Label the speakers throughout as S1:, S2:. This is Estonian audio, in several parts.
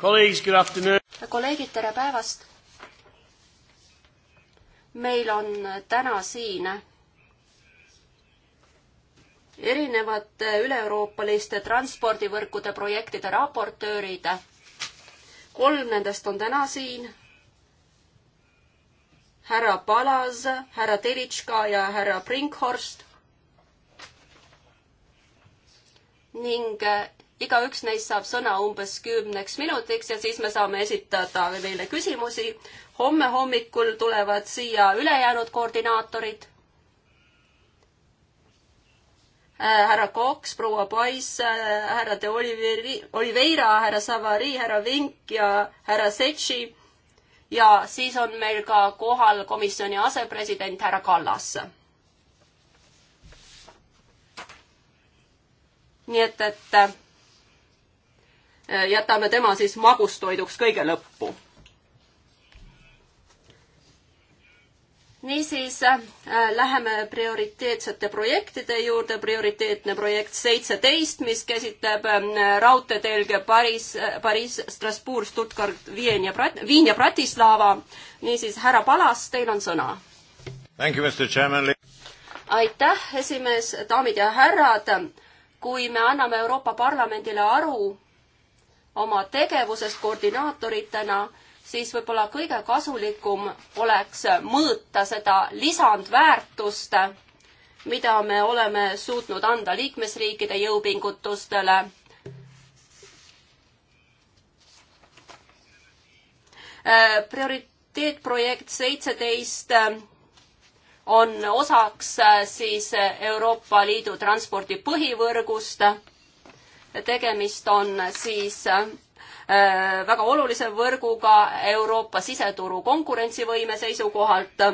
S1: kolleegid,
S2: tere päevast! meil on täna siin erinevate üle-euroopaliste transpordivõrkude projektide raportöörid. kolm nendest on täna siin. härra Palas, härra Telitška ja härra Brinkhorst. ning igaüks neist saab sõna umbes kümneks minutiks ja siis me saame esitada meile küsimusi. homme hommikul tulevad siia ülejäänud koordinaatorid. Äh, härra Koks, proua Pais, äh, härra De Oliveri, Oliveira, härra Savari, härra Vink ja härra Setši. ja siis on meil ka kohal komisjoni asepresident härra Kallas nii et, et äh, Äh, jätame tema siis magustoiduks kõige lõppu. niisiis äh, läheme prioriteetsete projektide juurde, prioriteetne projekt seitseteist, mis käsitleb ähm, äh, raudteetelge Pariis äh,, Pariis, Strasbourg, Stuttgart, Vien ja Brat-, Viin ja Bratislava. niisiis, härra Palas, teil on sõna. aitäh, esimees, daamid ja härrad. kui me anname Euroopa Parlamendile aru, oma tegevuses koordinaatoritena, siis võib-olla kõige kasulikum oleks mõõta seda lisandväärtust, mida me oleme suutnud anda liikmesriikide jõupingutustele. Äh, prioriteetprojekt seitseteist äh, on osaks äh, siis Euroopa Liidu transpordi põhivõrgust tegemist on siis äh, väga olulise võrguga Euroopa siseturu konkurentsivõime seisukohalt.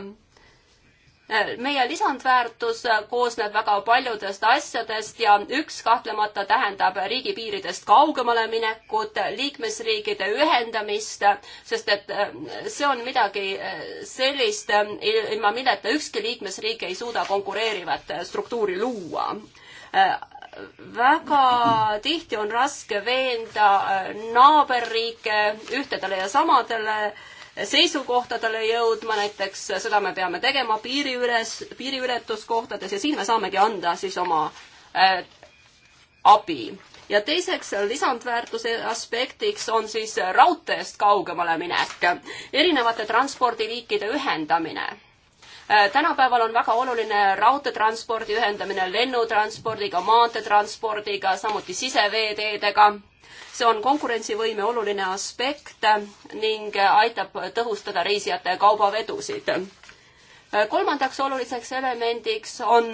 S2: Äh, meie lisandväärtus koosneb väga paljudest asjadest ja üks kahtlemata tähendab riigipiiridest kaugemale minekut, liikmesriikide ühendamist, sest et äh, see on midagi sellist, ilma milleta ükski liikmesriik ei suuda konkureerivat struktuuri luua väga tihti on raske veenda äh, naaberriike ühtedele ja samadele seisukohtadele jõudma, näiteks äh, seda me peame tegema piiriüles, piiriületuskohtades ja siin me saamegi anda siis oma äh, abi. ja teiseks lisandväärtuse aspektiks on siis raudteest kaugemale minek, erinevate transpordiliikide ühendamine Äh, tänapäeval on väga oluline raudteetranspordi ühendamine lennutranspordiga, maanteetranspordiga, samuti siseveeteedega. see on konkurentsivõime oluline aspekt ning aitab tõhustada reisijate ja kaubavedusid. Äh, kolmandaks oluliseks elemendiks on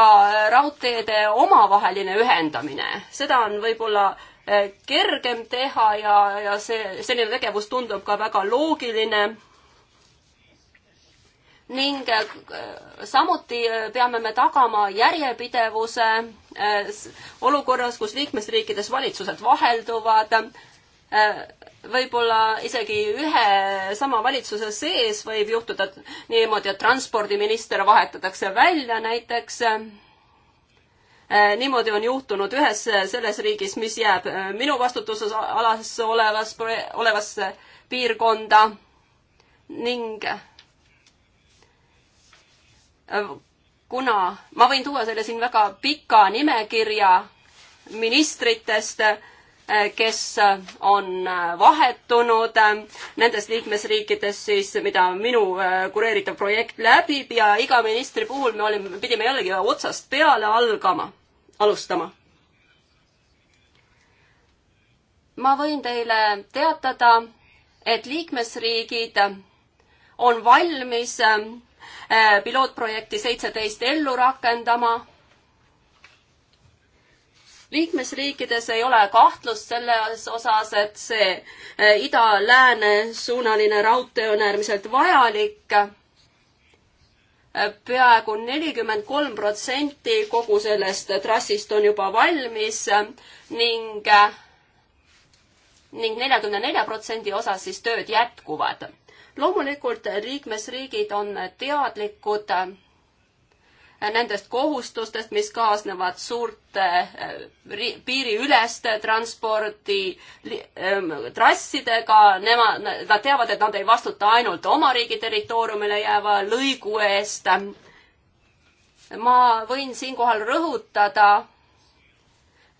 S2: ka raudteede omavaheline ühendamine, seda on võib-olla äh, kergem teha ja, ja see, selline tegevus tundub ka väga loogiline ning äh, samuti äh, peame me tagama järjepidevuse äh, olukorras, kus liikmesriikides valitsused vahelduvad, võib-olla isegi ühe sama valitsuse sees võib juhtuda niimoodi, et transpordiminister vahetatakse välja näiteks. niimoodi on juhtunud ühes selles riigis, mis jääb minu vastutuses alas olevas, olevasse piirkonda ning Äh, kuna ma võin tuua selle siin väga pika nimekirja ministritest, äh, kes äh, on vahetunud nendes liikmesriikides siis, mida minu kureeritav projekt läbib ja iga ministri puhul me olime, pidime jällegi otsast peale algama, alustama. ma võin teile teatada, et liikmesriigid on valmis Äh, pilootprojekti seitseteist ellu rakendama. liikmesriikides ei ole kahtlust selles osas, et see äh, ida-lääne suunaline raudtee on äärmiselt vajalik äh, peaaegu nelikümmend kolm protsenti kogu sellest trassist on juba valmis ning ning neljakümne nelja protsendi osas siis tööd jätkuvad loomulikult liikmesriigid on teadlikud äh, nendest kohustustest, mis kaasnevad suurte äh, piiriüleste transpordi ähm, trassidega, nemad, nad teavad, et nad ei vastuta ainult oma riigi territooriumile jääva lõigu eest. ma võin siinkohal rõhutada,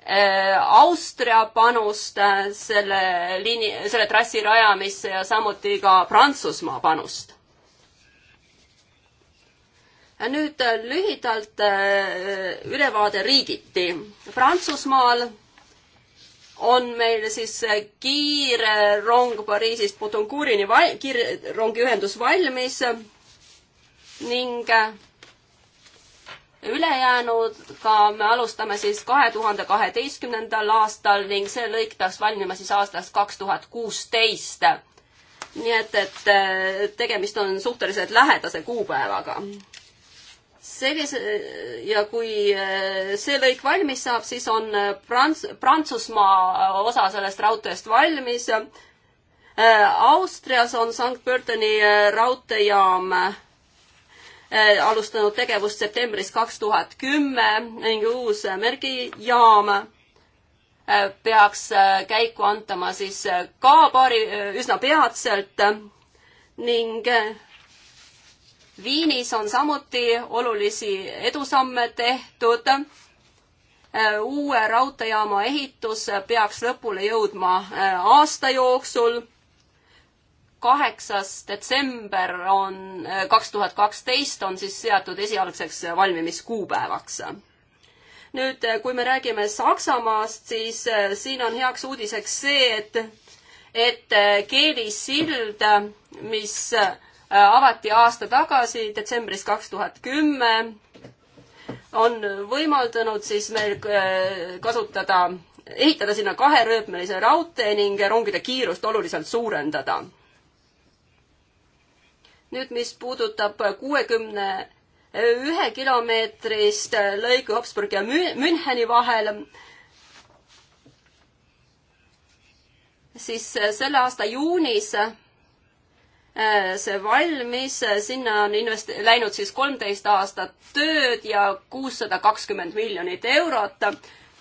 S2: Äh, Austria panust äh, selle liini, selle trassi rajamisse ja samuti ka Prantsusmaa panust. nüüd äh, lühidalt ülevaade riigiti. Prantsusmaal on meil siis kiire rong Pariisist Potoncurini, kiire rongiühendus valmis ning ülejäänuga me alustame siis kahe tuhande kaheteistkümnendal aastal ning see lõik peaks valmima siis aastast kaks tuhat kuusteist. nii et, et äh, tegemist on suhteliselt lähedase kuupäevaga sellise ja kui äh, see lõik valmis saab, siis on äh, Prants-, Prantsusmaa osa sellest raudteest valmis. Austrias on Sankt Pölteni raudteejaam Äh, alustanud tegevust septembris kaks tuhat kümme ning uus märgijaam äh, peaks äh, käiku antama siis ka paari, üsna peatselt ning Viinis on samuti olulisi edusamme tehtud. uue raudteejaama ehitus peaks lõpule jõudma aasta jooksul kaheksas detsember on, äh, kaks tuhat kaksteist on siis seatud esialgseks valmimiskuupäevaks. nüüd, äh, kui me räägime Saksamaast, siis äh, siin on heaks uudiseks see, et, et keelisild, mis avati aasta tagasi, detsembris kaks tuhat kümme, on võimaldanud siis meil kasutada ehitada sinna kaherööpmelise raudtee ning rongide kiirust oluliselt suurendada nüüd, mis puudutab kuuekümne ühe kilomeetrist lõigu Habsburgi ja Müncheni vahel, siis selle aasta juunis äh, see valmis, äh, sinna on invest-, läinud siis kolmteist aastat tööd ja kuussada kakskümmend miljonit eurot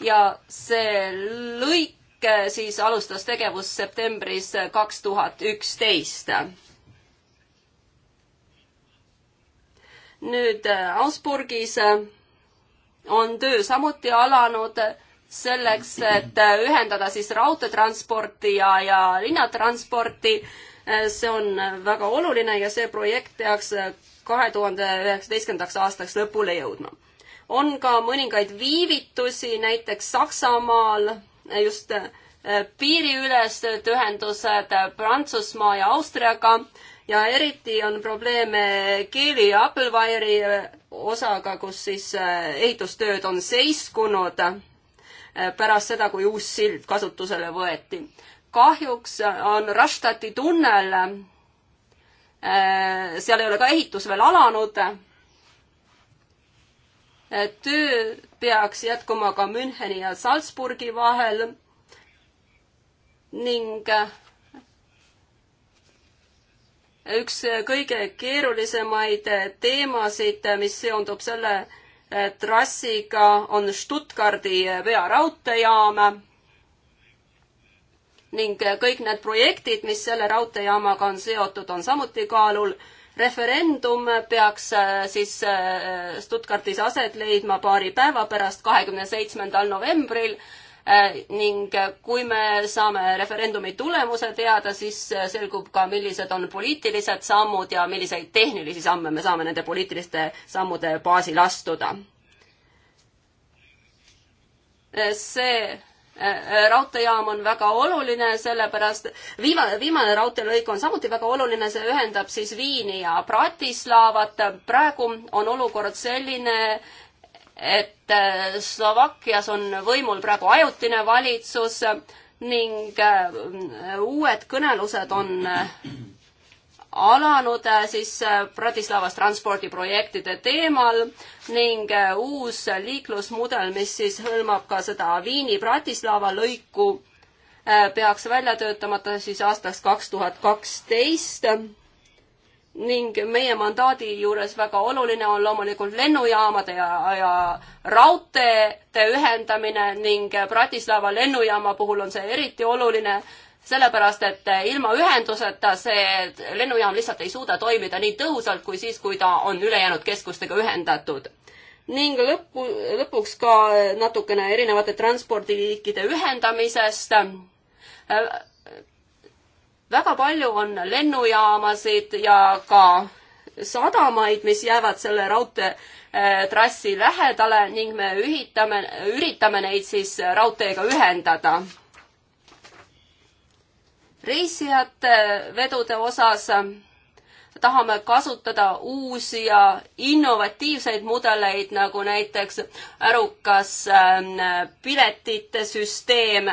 S2: ja see lõik äh, siis alustas tegevust septembris kaks tuhat üksteist nüüd äh, Augsburgis äh, on töö samuti alanud selleks, et äh, ühendada siis raudteetransporti ja, ja linnatransporti. see on väga oluline ja see projekt peaks kahe tuhande üheksateistkümnendaks aastaks lõpule jõudma. on ka mõningaid viivitusi, näiteks Saksamaal just piiriülesed ühendused Prantsusmaa ja Austriaga ja eriti on probleeme Keeli ja Applewire'i äh, osaga, kus siis äh, ehitustööd on seiskunud äh, pärast seda, kui uus sild kasutusele võeti. kahjuks on Rastati tunnel, seal ei ole ka ehitus veel alanud. töö peaks jätkuma ka Müncheni ja Salzburgi vahel ning üks kõige keerulisemaid teemasid, mis seondub selle eh, trassiga, on Stuttgardi vearaudteejaam. ning kõik need projektid, mis selle raudteejaamaga on seotud, on samuti kaalul. referendum peaks eh, siis eh, Stuttgartis aset leidma paari päeva pärast, kahekümne seitsmendal novembril Äh, ning kui me saame referendumi tulemuse teada, siis selgub ka, millised on poliitilised sammud ja milliseid tehnilisi samme me saame nende poliitiliste sammude baasil astuda. Äh, see äh, raudteejaam on väga oluline, sellepärast viimane, viimane raudteelõik on samuti väga oluline, see ühendab siis Viini ja Bratislavat. praegu on olukord selline, et äh, Slovakkias on võimul praegu ajutine valitsus ning äh, uued kõnelused on äh, alanud siis Bratislavas transpordiprojektide teemal ning uus liiklusmudel, mis siis hõlmab ka seda Viini-Bratislava lõiku, peaks välja töötamata siis aastaks kaks tuhat kaksteist ning meie mandaadi juures väga oluline on loomulikult lennujaamade ja, ja raudteede ühendamine ning Bratislava lennujaama puhul on see eriti oluline, sellepärast et ilma ühenduseta see lennujaam lihtsalt ei suuda toimida nii tõhusalt kui siis, kui ta on ülejäänud keskustega ühendatud. ning lõppu, lõpuks ka natukene erinevate transpordiliikide ühendamisest väga palju on lennujaamasid ja ka sadamaid, mis jäävad selle raudteetrassi äh, lähedale ning me ühitame, üritame neid siis raudteega ühendada. reisijate vedude osas tahame kasutada uusi ja innovatiivseid mudeleid, nagu näiteks ärukas ähm, piletite süsteem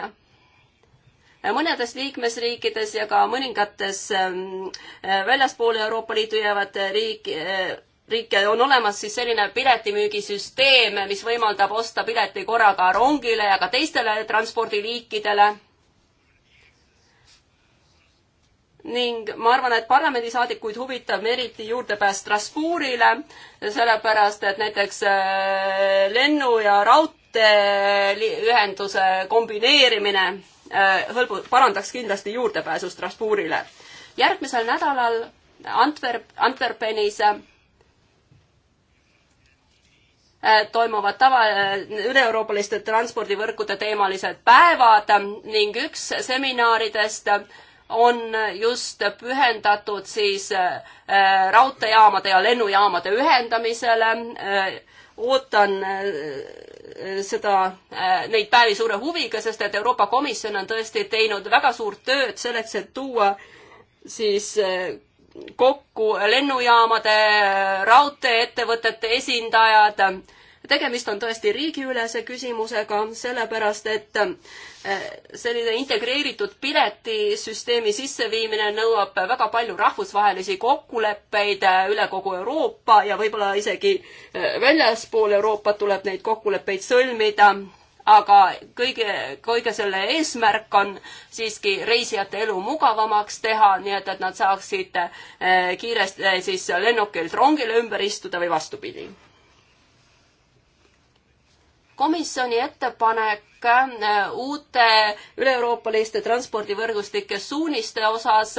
S2: mõnedes liikmesriikides ja ka mõningates ähm, äh, väljaspoole Euroopa Liitu jäävad äh, riik, äh, riike on olemas siis selline piletimüügisüsteem, mis võimaldab osta pileti korraga rongile ja ka teistele transpordiliikidele ning ma arvan, et parlamendisaadikuid huvitab eriti juurdepääs Strasbourgile, sellepärast et näiteks lennu ja raudteeühenduse kombineerimine Äh, hõlbu, parandaks kindlasti juurdepääsu Strasbourgile. järgmisel nädalal Antwerp, Antwerpenis äh, toimuvad tava, äh, üle-euroopaliste transpordivõrkude teemalised päevad ning üks seminaridest on just pühendatud siis raudteejaamade ja lennujaamade ühendamisele ootan äh, äh, seda, äh, neid päevi suure huviga, sest et Euroopa Komisjon on tõesti teinud väga suurt tööd selleks, et tuua siis kokku lennujaamade, raudteeettevõtete esindajad tegemist on tõesti riigiülese küsimusega, sellepärast et eh, selline integreeritud piletisüsteemi sisseviimine nõuab väga palju rahvusvahelisi kokkuleppeid eh, üle kogu Euroopa ja võib-olla isegi eh, väljaspool Euroopat tuleb neid kokkuleppeid sõlmida aga kõige, kõige selle eesmärk on siiski reisijate elu mugavamaks teha, nii et, et nad saaksid kiiresti siis lennukilt rongile ümber istuda või vastupidi komisjoni ettepanek äh, uute üle-euroopaliste transpordivõrgustike suuniste osas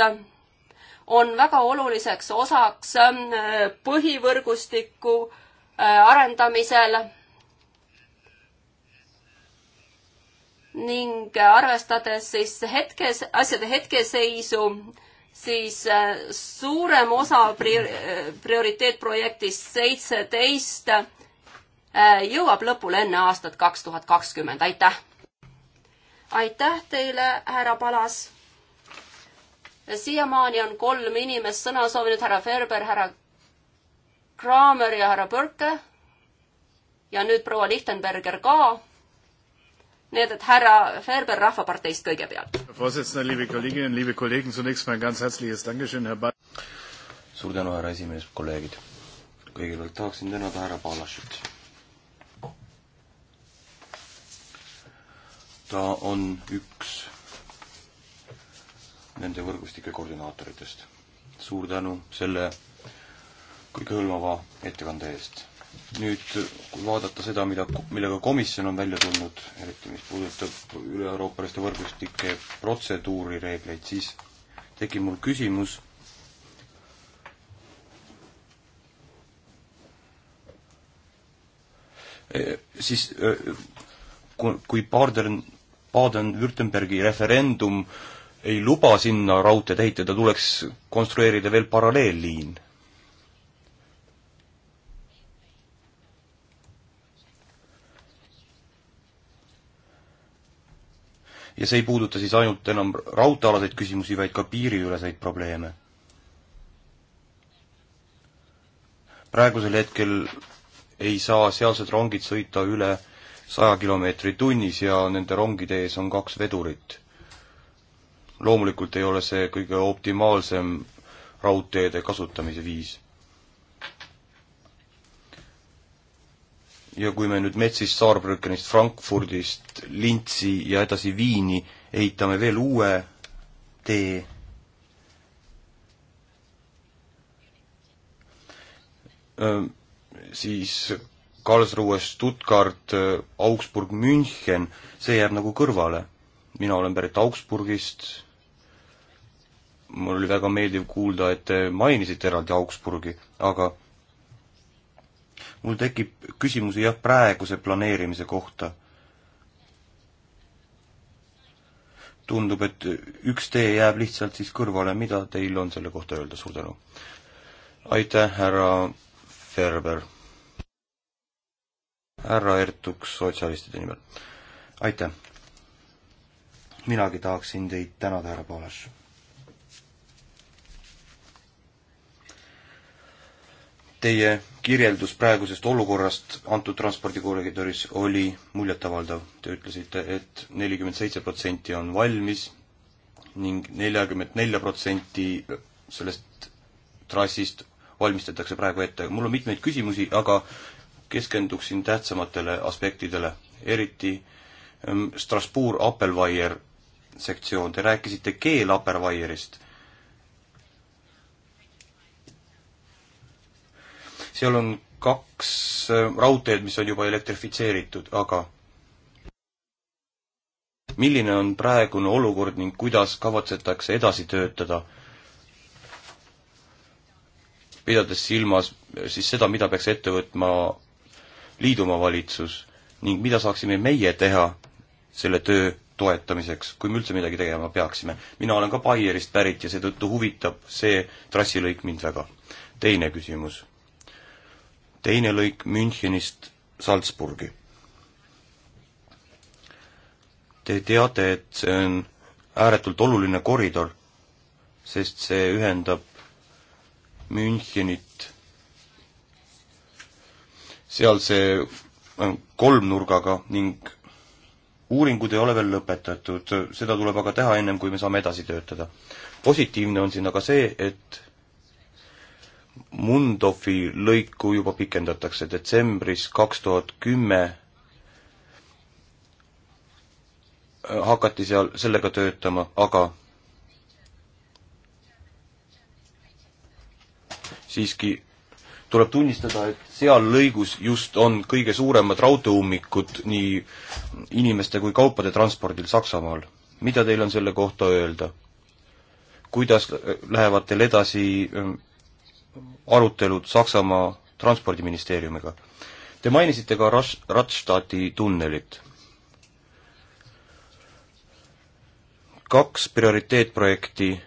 S2: on väga oluliseks osaks äh, põhivõrgustiku äh, arendamisel ning arvestades siis hetkes, asjade hetkeseisu, siis suurem osa prioriteetprojektist seitseteist Äh, jõuab lõpule enne aastat kaks tuhat kakskümmend, aitäh! aitäh teile, härra Palas! siiamaani on kolm inimest sõna soovinud, härra Ferber, härra Kramer ja härra Põrke. ja nüüd proua Lichtenberger ka. nii et, et härra Ferber Rahvaparteist kõigepealt.
S3: suur tänu, härra esimees, kolleegid. kõigepealt tahaksin tänada härra Palašit ta on üks nende võrgustike koordinaatoritest. suur tänu selle kõikehõlmava ettekande eest. nüüd, kui vaadata seda, mida, millega komisjon on välja tulnud, eriti mis puudutab üle-euroopaliste võrgustike protseduurireegleid, siis tekib mul küsimus e, siis e, kui Baarden Baden-Württembergi referendum ei luba sinna raudteed ehitada, tuleks konstrueerida veel paralleelliin. ja see ei puuduta siis ainult enam raudteealaseid küsimusi, vaid ka piiriüleseid probleeme. praegusel hetkel ei saa sealsed rongid sõita üle saja kilomeetri tunnis ja nende rongide ees on kaks vedurit. loomulikult ei ole see kõige optimaalsem raudteede kasutamise viis. ja kui me nüüd Metsist, Saarbrückenist, Frankfurdist, Lintsi ja edasi Viini ehitame veel uue tee, siis Karlsruhe, Stuttgart, Augsburg, München, see jääb nagu kõrvale. mina olen pärit Augsburgist, mul oli väga meeldiv kuulda, et te mainisite eraldi Augsburgi, aga mul tekib küsimusi jah, praeguse planeerimise kohta. tundub, et üks tee jääb lihtsalt siis kõrvale, mida teil on selle kohta öelda, suur tänu. aitäh, härra Ferber härra Ertuk sotsialistide nimel. aitäh! minagi tahaksin teid tänada, härra Poolas. Teie kirjeldus praegusest olukorrast antud transpordikoridoris oli muljetavaldav. Te ütlesite, et nelikümmend seitse protsenti on valmis ning neljakümmet nelja protsenti sellest trassist valmistatakse praegu ette. mul on mitmeid küsimusi, aga keskenduksin tähtsamatele aspektidele, eriti ähm, Strasbourg Appelweier sektsioon, te rääkisite keel Appelweierist. seal on kaks äh, raudteed, mis on juba elektrifitseeritud, aga milline on praegune olukord ning kuidas kavatsetakse edasi töötada, pidades silmas siis seda, mida peaks ette võtma liiduma valitsus ning mida saaksime meie teha selle töö toetamiseks, kui me üldse midagi tegema peaksime. mina olen ka Baierist pärit ja seetõttu huvitab see trassilõik mind väga. teine küsimus. teine lõik Münchenist Salzburgi. Te teate, et see on ääretult oluline koridor, sest see ühendab Münchenit sealse äh, kolmnurgaga ning uuringud ei ole veel lõpetatud, seda tuleb aga teha ennem, kui me saame edasi töötada. positiivne on siin aga see, et Mundofi lõiku juba pikendatakse detsembris kaks tuhat kümme hakati seal sellega töötama, aga siiski tuleb tunnistada, et seal lõigus just on kõige suuremad raudteeummikud nii inimeste kui kaupade transpordil Saksamaal. mida teil on selle kohta öelda? kuidas äh, lähevad teil edasi äh, arutelud Saksamaa transpordiministeeriumiga? Te mainisite ka Ras-, Radstati tunnelit. kaks prioriteetprojekti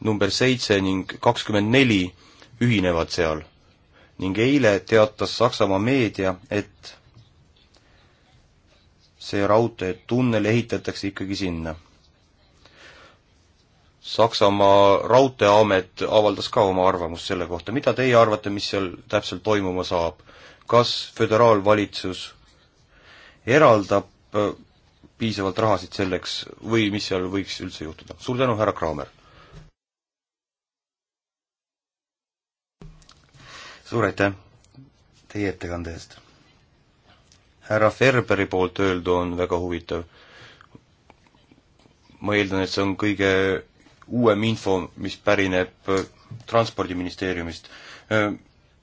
S3: number seitse ning kakskümmend neli ühinevad seal ning eile teatas Saksamaa meedia, et see raudteetunnel ehitatakse ikkagi sinna. Saksamaa Raudteeamet avaldas ka oma arvamust selle kohta, mida teie arvate, mis seal täpselt toimuma saab? kas föderaalvalitsus eraldab äh, piisavalt rahasid selleks või mis seal võiks üldse juhtuda? suur tänu, härra Kraamer! suur aitäh teie ettekande eest. härra Ferberi poolt öeldu on väga huvitav. ma eeldan, et see on kõige uuem info, mis pärineb Transpordiministeeriumist.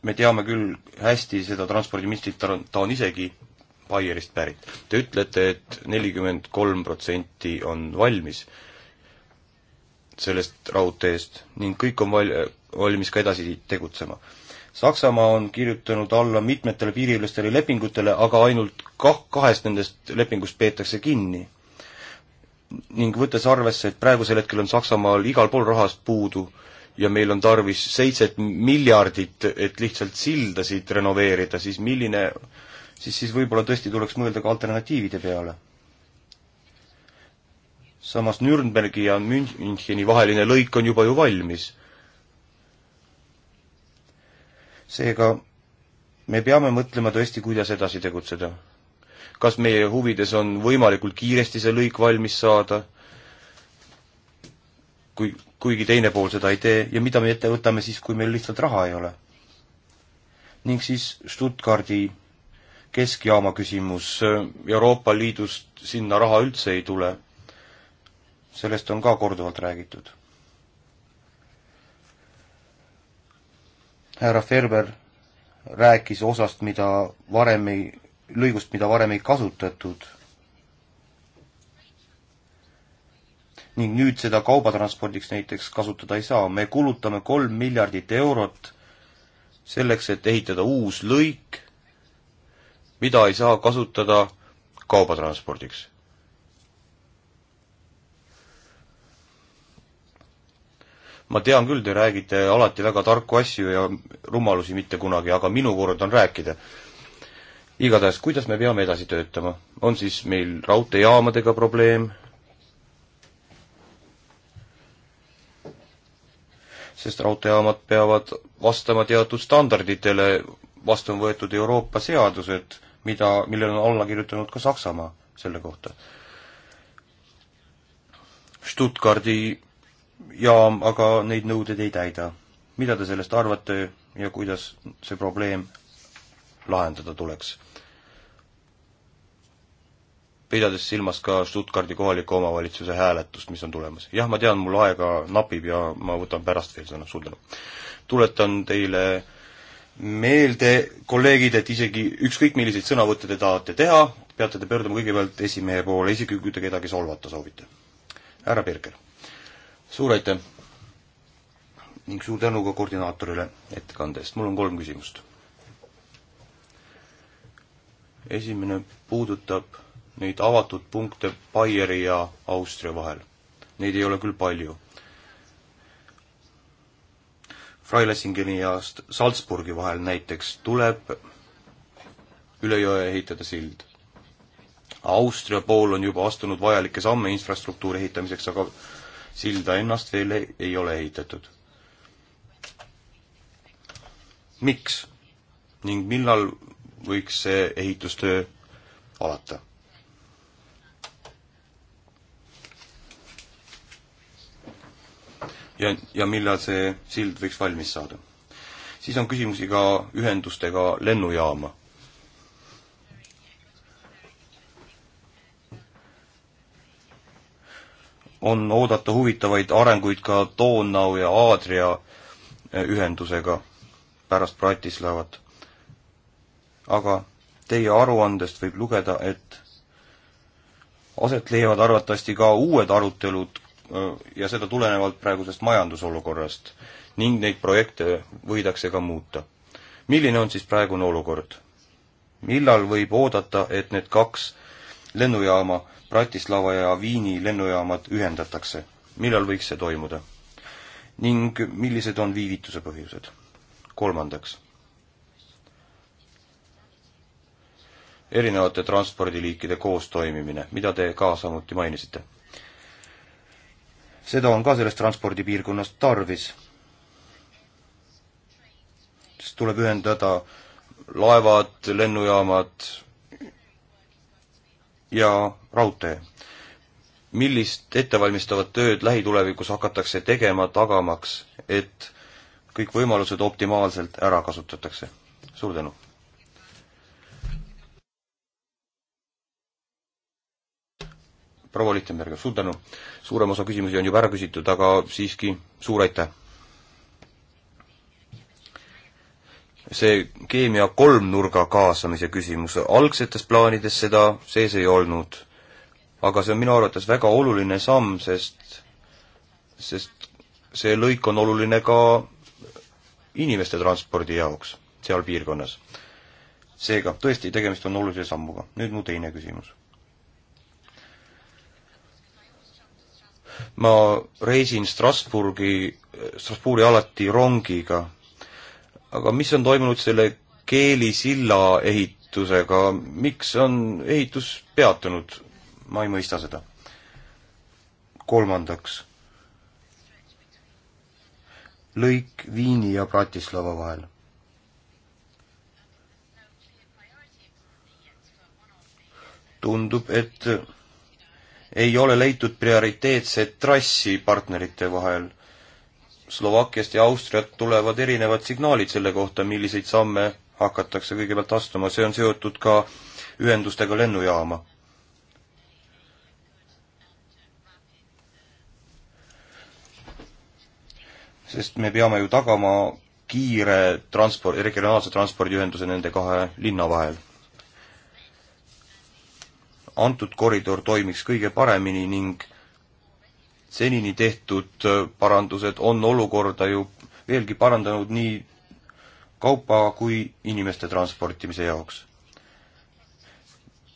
S3: me teame küll hästi seda transpordiministrit, ta on, ta on isegi Baierist pärit. Te ütlete, et nelikümmend kolm protsenti on valmis sellest raudteest ning kõik on val-, valmis ka edasi tegutsema Saksamaa on kirjutanud alla mitmetele piiriülestele lepingutele, aga ainult kah-, kahest nendest lepingust peetakse kinni. ning võttes arvesse, et praegusel hetkel on Saksamaal igal pool rahast puudu ja meil on tarvis seitset miljardit, et lihtsalt sildasid renoveerida, siis milline, siis, siis võib-olla tõesti tuleks mõelda ka alternatiivide peale samas Nürnbergi ja Müncheni vaheline lõik on juba ju valmis. seega me peame mõtlema tõesti, kuidas edasi tegutseda. kas meie huvides on võimalikult kiiresti see lõik valmis saada, kui, kuigi teine pool seda ei tee, ja mida me ette võtame siis, kui meil lihtsalt raha ei ole? ning siis Stuttgardi keskjaama küsimus, Euroopa Liidust sinna raha üldse ei tule. sellest on ka korduvalt räägitud härra Ferber rääkis osast, mida varem ei, lõigust, mida varem ei kasutatud. ning nüüd seda kaubatranspordiks näiteks kasutada ei saa, me kulutame kolm miljardit eurot selleks, et ehitada uus lõik, mida ei saa kasutada kaubatranspordiks ma tean küll, te räägite alati väga tarku asju ja rumalusi mitte kunagi, aga minu kord on rääkida. igatahes, kuidas me peame edasi töötama? on siis meil raudteejaamadega probleem? sest raudteejaamad peavad vastama teatud standarditele, vastu on võetud Euroopa seadused, mida, millele on alla kirjutanud ka Saksamaa selle kohta. Stuttgardi jaam aga neid nõudeid ei täida. mida te sellest arvate ja kuidas see probleem lahendada tuleks? pidades silmas ka Stuttgardi kohaliku omavalitsuse hääletust, mis on tulemas. jah, ma tean, mul aega napib ja ma võtan pärast veel sõna, suur tänu. tuletan teile meelde, kolleegid, et isegi ükskõik, milliseid sõnavõtte te tahate teha, peate te pöörduma kõigepealt esimehe poole, isegi kui te kedagi solvata soovite. härra Birker suur aitäh ning suur tänu ka koordinaatorile ettekande eest, mul on kolm küsimust. esimene puudutab neid avatud punkte Baieri ja Austria vahel. Neid ei ole küll palju. Freilassingeni ja Salzburgi vahel näiteks tuleb üle jõe ehitada sild. Austria pool on juba astunud vajalikke samme infrastruktuuri ehitamiseks, aga silda ennast veel ei, ei ole ehitatud. miks ning millal võiks see ehitustöö alata? ja, ja millal see sild võiks valmis saada? siis on küsimusi ka ühendustega lennujaama on oodata huvitavaid arenguid ka Donau ja Aadria ühendusega pärast Bratislavat. aga teie aruandest võib lugeda, et aset leiavad arvatavasti ka uued arutelud ja seda tulenevalt praegusest majandusolukorrast ning neid projekte võidakse ka muuta. milline on siis praegune olukord? millal võib oodata, et need kaks lennujaama Bratislava ja Viini lennujaamad ühendatakse. millal võiks see toimuda? ning millised on viivituse põhjused? kolmandaks. erinevate transpordiliikide koostoimimine, mida te ka samuti mainisite. seda on ka selles transpordipiirkonnas tarvis, sest tuleb ühendada laevad, lennujaamad, ja raudtee. millist ettevalmistavat tööd lähitulevikus hakatakse tegema, tagamaks, et kõik võimalused optimaalselt ära kasutatakse? suur tänu! proua Lichtenberger, suur tänu! suurem osa küsimusi on juba ära küsitud, aga siiski suur aitäh! see keemia kolmnurga kaasamise küsimus, algsetes plaanides seda sees ei olnud. aga see on minu arvates väga oluline samm, sest, sest see lõik on oluline ka inimeste transpordi jaoks seal piirkonnas. seega tõesti, tegemist on olulise sammuga. nüüd mu teine küsimus. ma reisin Strasburgi, Strasbourgi alati rongiga aga mis on toimunud selle keelisilla ehitusega, miks on ehitus peatunud? ma ei mõista seda. kolmandaks, lõik Viini ja Bratislava vahel tundub, et ei ole leitud prioriteetset trassi partnerite vahel. Slovakkiast ja Austriat tulevad erinevad signaalid selle kohta, milliseid samme hakatakse kõigepealt astuma, see on seotud ka ühendustega lennujaama. sest me peame ju tagama kiire transport, regionaalse transpordiühenduse nende kahe linna vahel. antud koridor toimiks kõige paremini ning senini tehtud äh, parandused on olukorda ju veelgi parandanud nii kaupa kui inimeste transportimise jaoks.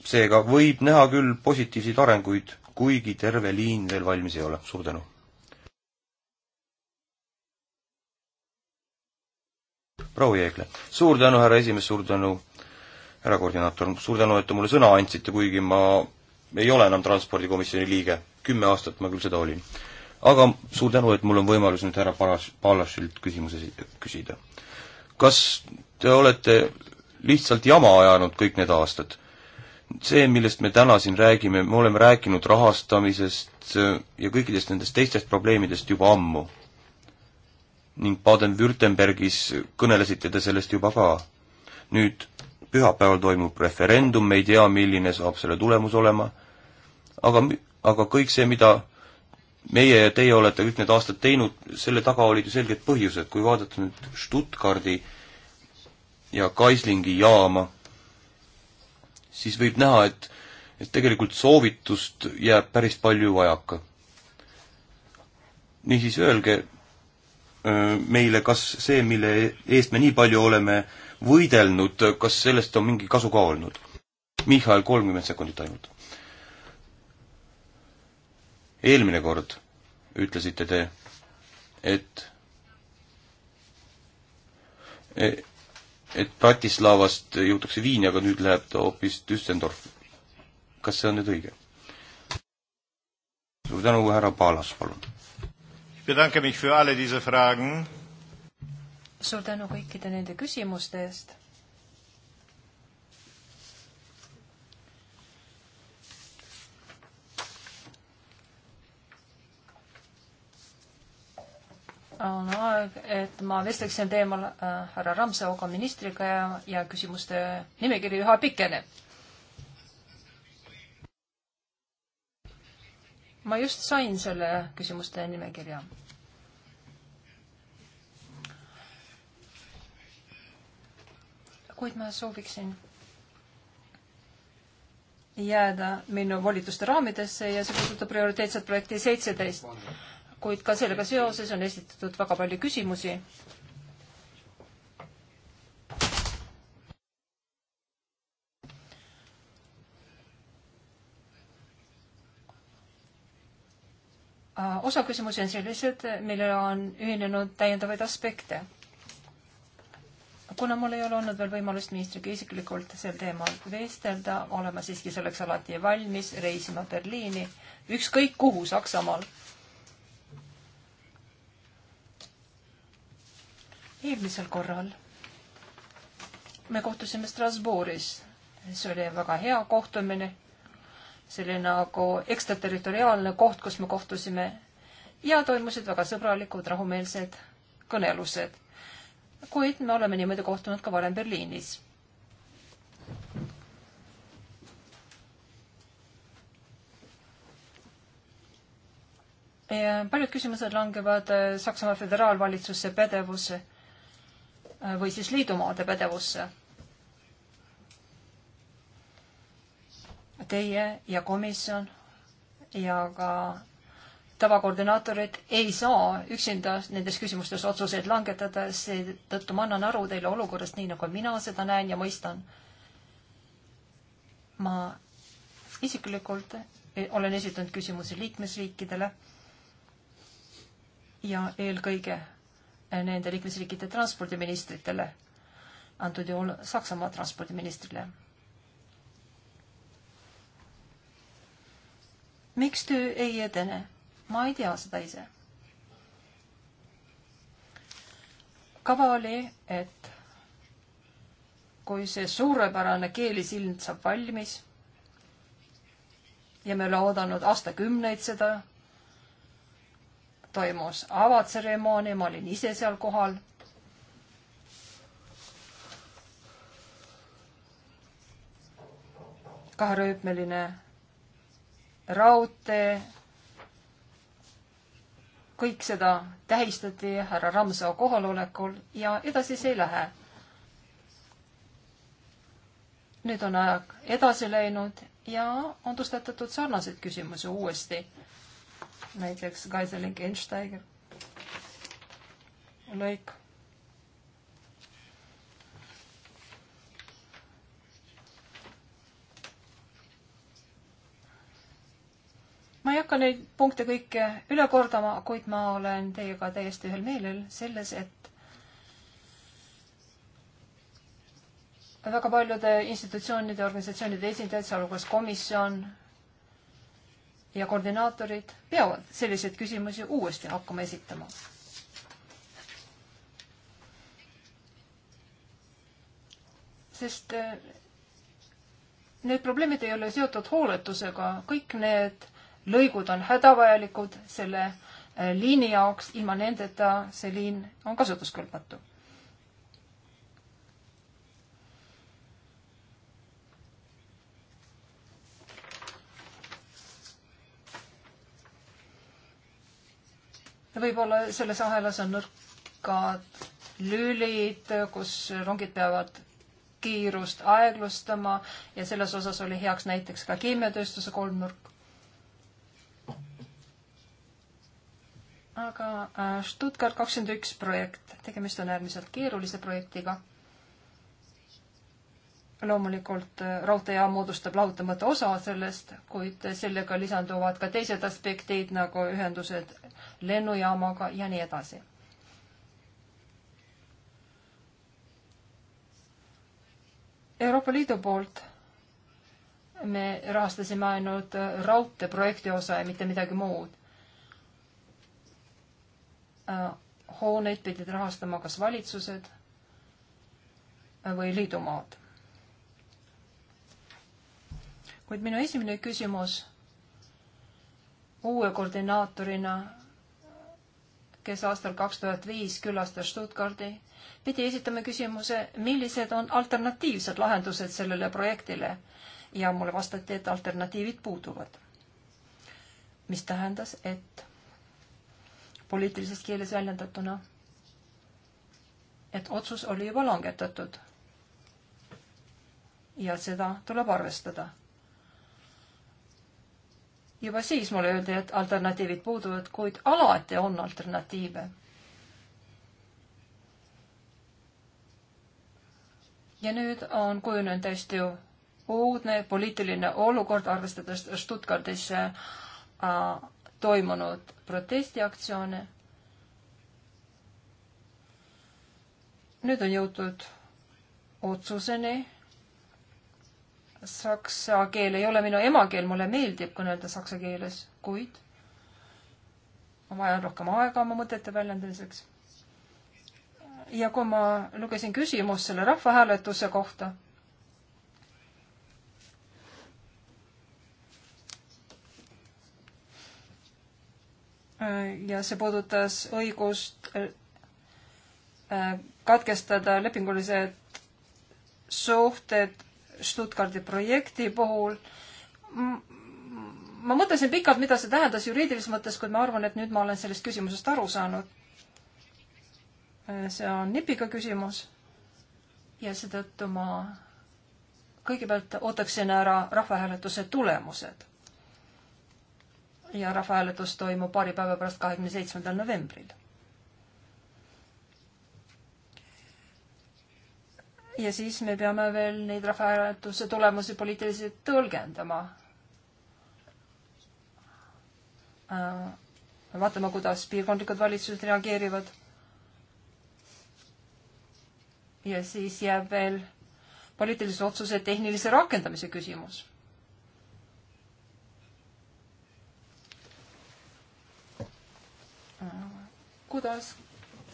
S3: seega võib näha küll positiivseid arenguid, kuigi terve liin veel valmis ei ole. suur tänu! proua Jeegle, suur tänu, härra esimees, suur tänu, härra koordinaator, suur tänu, et te mulle sõna andsite, kuigi ma ei ole enam transpordikomisjoni liige kümme aastat ma küll seda olin. aga suur tänu, et mul on võimalus nüüd härra Palas-, Palasilt küsimuse küsida. kas te olete lihtsalt jama ajanud kõik need aastad? see, millest me täna siin räägime, me oleme rääkinud rahastamisest äh, ja kõikidest nendest teistest probleemidest juba ammu. ning Baden-Württembergis kõnelesite te sellest juba ka. nüüd pühapäeval toimub referendum, me ei tea, milline saab selle tulemus olema, aga aga kõik see, mida meie ja teie olete kõik need aastad teinud, selle taga olid ju selged põhjused, kui vaadata nüüd Stuttgardi ja Kaislingi jaama, siis võib näha, et, et tegelikult soovitust jääb päris palju vajaka. niisiis öelge öö, meile, kas see, mille eest me nii palju oleme võidelnud, kas sellest on mingi kasu ka olnud? Mihhail, kolmkümmend sekundit ainult eelmine kord ütlesite te, et e, et Bratislavast jõutakse Viini, aga nüüd läheb ta hoopis Düsseldorfi. kas see on nüüd õige? suur tänu, härra Paalas, palun.
S1: suur tänu kõikide nende küsimuste eest on aeg, et ma vestleksin teemal äh, härra Ramsauga ministriga ja, ja küsimuste nimekiri üha pikeneb. ma just sain selle küsimuste nimekirja. kuid ma sooviksin jääda minu volituste raamidesse ja see puudutab prioriteetset projekti seitseteist kuid ka sellega seoses on esitatud väga palju küsimusi. osa küsimusi on sellised, millele on ühinenud täiendavaid aspekte. kuna mul ei ole olnud veel võimalust ministriga isiklikult sel teemal vestelda, olen ma siiski selleks alati valmis reisima Berliini, ükskõik kuhu Saksamaal eelmisel korral me kohtusime Strasbourgis. see oli väga hea kohtumine, selline nagu ekstraterritoriaalne koht, kus me kohtusime ja toimusid väga sõbralikud, rahumeelsed kõnelused. kuid me oleme niimoodi kohtunud ka varem Berliinis. paljud küsimused langevad Saksamaa föderaalvalitsuse pädevusse või siis liidumaade pädevusse. Teie ja komisjon ja ka tavakoordinaatorid ei saa üksinda nendes küsimustes otsuseid langetada, seetõttu ma annan aru teile olukorrast nii, nagu mina seda näen ja mõistan. ma isiklikult olen esitanud küsimusi liikmesriikidele ja eelkõige nende liikmesriikide transpordiministritele, antud juhul Saksamaa transpordiministrile. miks töö ei edene? ma ei tea seda ise. kava oli, et kui see suurepärane keelisild saab valmis ja me oleme oodanud aastakümneid seda toimus avatseremoonia, ma olin ise seal kohal. kaherööpmeline raudtee. kõik seda tähistati härra Ramsoo kohalolekul ja edasi see ei lähe. nüüd on aeg edasi läinud ja on tõstatatud sarnaseid küsimusi uuesti näiteks Geiseling Einsteiger lõik. ma ei hakka neid punkte kõike üle kordama, kuid ma olen teiega täiesti ühel meelel selles, et väga paljude institutsioonide, organisatsioonide esindajad, sealhulgas komisjon, ja koordinaatorid peavad selliseid küsimusi uuesti hakkama esitama. sest eh, need probleemid ei ole seotud hooletusega, kõik need lõigud on hädavajalikud selle eh, liini jaoks, ilma nendeta see liin on kasutuskõlbmatu võib-olla selles ahelas on nõrkad lülid, kus rongid peavad kiirust aeglustama ja selles osas oli heaks näiteks ka keemiatööstuse kolmnurk. aga äh, Stuttgart kakskümmend üks projekt, tegemist on äärmiselt keerulise projektiga loomulikult äh, raudteejaam moodustab lahutamatu osa sellest, kuid sellega lisanduvad ka teised aspektid nagu ühendused lennujaamaga ja nii edasi. Euroopa Liidu poolt me rahastasime ainult äh, raudteeprojekti osa ja mitte midagi muud. Äh, hooneid pidid rahastama kas valitsused või liidumaad kuid minu esimene küsimus uue koordinaatorina, kes aastal kaks tuhat viis külastas Stuttgardi, pidi esitama küsimuse, millised on alternatiivsed lahendused sellele projektile ja mulle vastati, et alternatiivid puuduvad. mis tähendas, et poliitilises keeles väljendatuna, et otsus oli juba langetatud. ja seda tuleb arvestada juba siis mulle öeldi, et alternatiivid puuduvad, kuid alati on alternatiive. ja nüüd on kujunenud täiesti uudne poliitiline olukord, arvestades Stuttgardis äh, toimunud protestiaktsioone. nüüd on jõutud otsuseni saksa keel ei ole minu emakeel, mulle meeldib kõnelda saksa keeles, kuid ma vajan rohkem aega oma mõtete väljendamiseks. ja kui ma lugesin küsimust selle rahvahääletuse kohta, ja see puudutas õigust äh, katkestada lepingulised suhted Stuttgardi projekti puhul ma mõtlesin pikalt, mida see tähendas juriidilises mõttes, kuid ma arvan, et nüüd ma olen sellest küsimusest aru saanud. see on nipiga küsimus ja seetõttu ma kõigepealt ootaksin ära rahvahääletuse tulemused. ja rahvahääletus toimub paari päeva pärast, kahekümne seitsmendal novembril ja siis me peame veel neid rahvahääletuse tulemusi poliitiliselt tõlgendama. Äh, vaatama, kuidas piirkondlikud valitsused reageerivad. ja siis jääb veel poliitilise otsuse tehnilise rakendamise küsimus. Äh, kuidas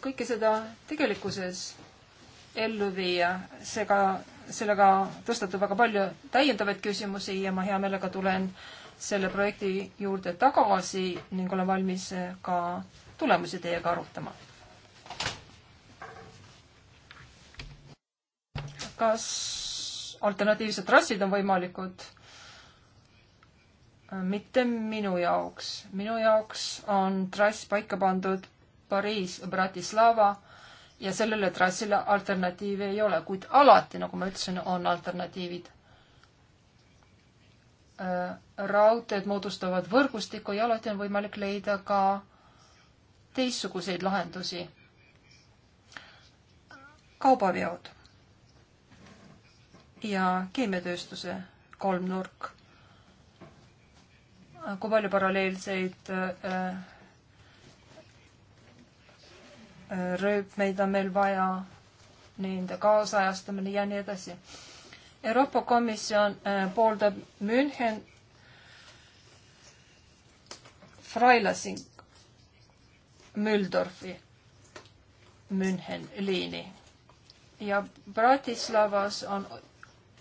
S1: kõike seda tegelikkuses ellu viia. seega, sellega tõstatub väga palju täiendavaid küsimusi ja ma hea meelega tulen selle projekti juurde tagasi ning olen valmis ka tulemusi teiega arutama. kas alternatiivsed trassid on võimalikud? mitte minu jaoks. minu jaoks on trass paika pandud Pariis, Bratislava ja sellele trassile alternatiivi ei ole, kuid alati, nagu ma ütlesin, on alternatiivid. Äh, raudteed moodustavad võrgustiku ja alati on võimalik leida ka teistsuguseid lahendusi. kaubaveod ja keemiatööstuse kolmnurk. kui palju paralleelseid äh, rööpmeid on meil vaja, nende kaasajastamine ja nii edasi. Euroopa Komisjon äh, pooldab München Freilassing Müldorfi München liini ja Bratislavas on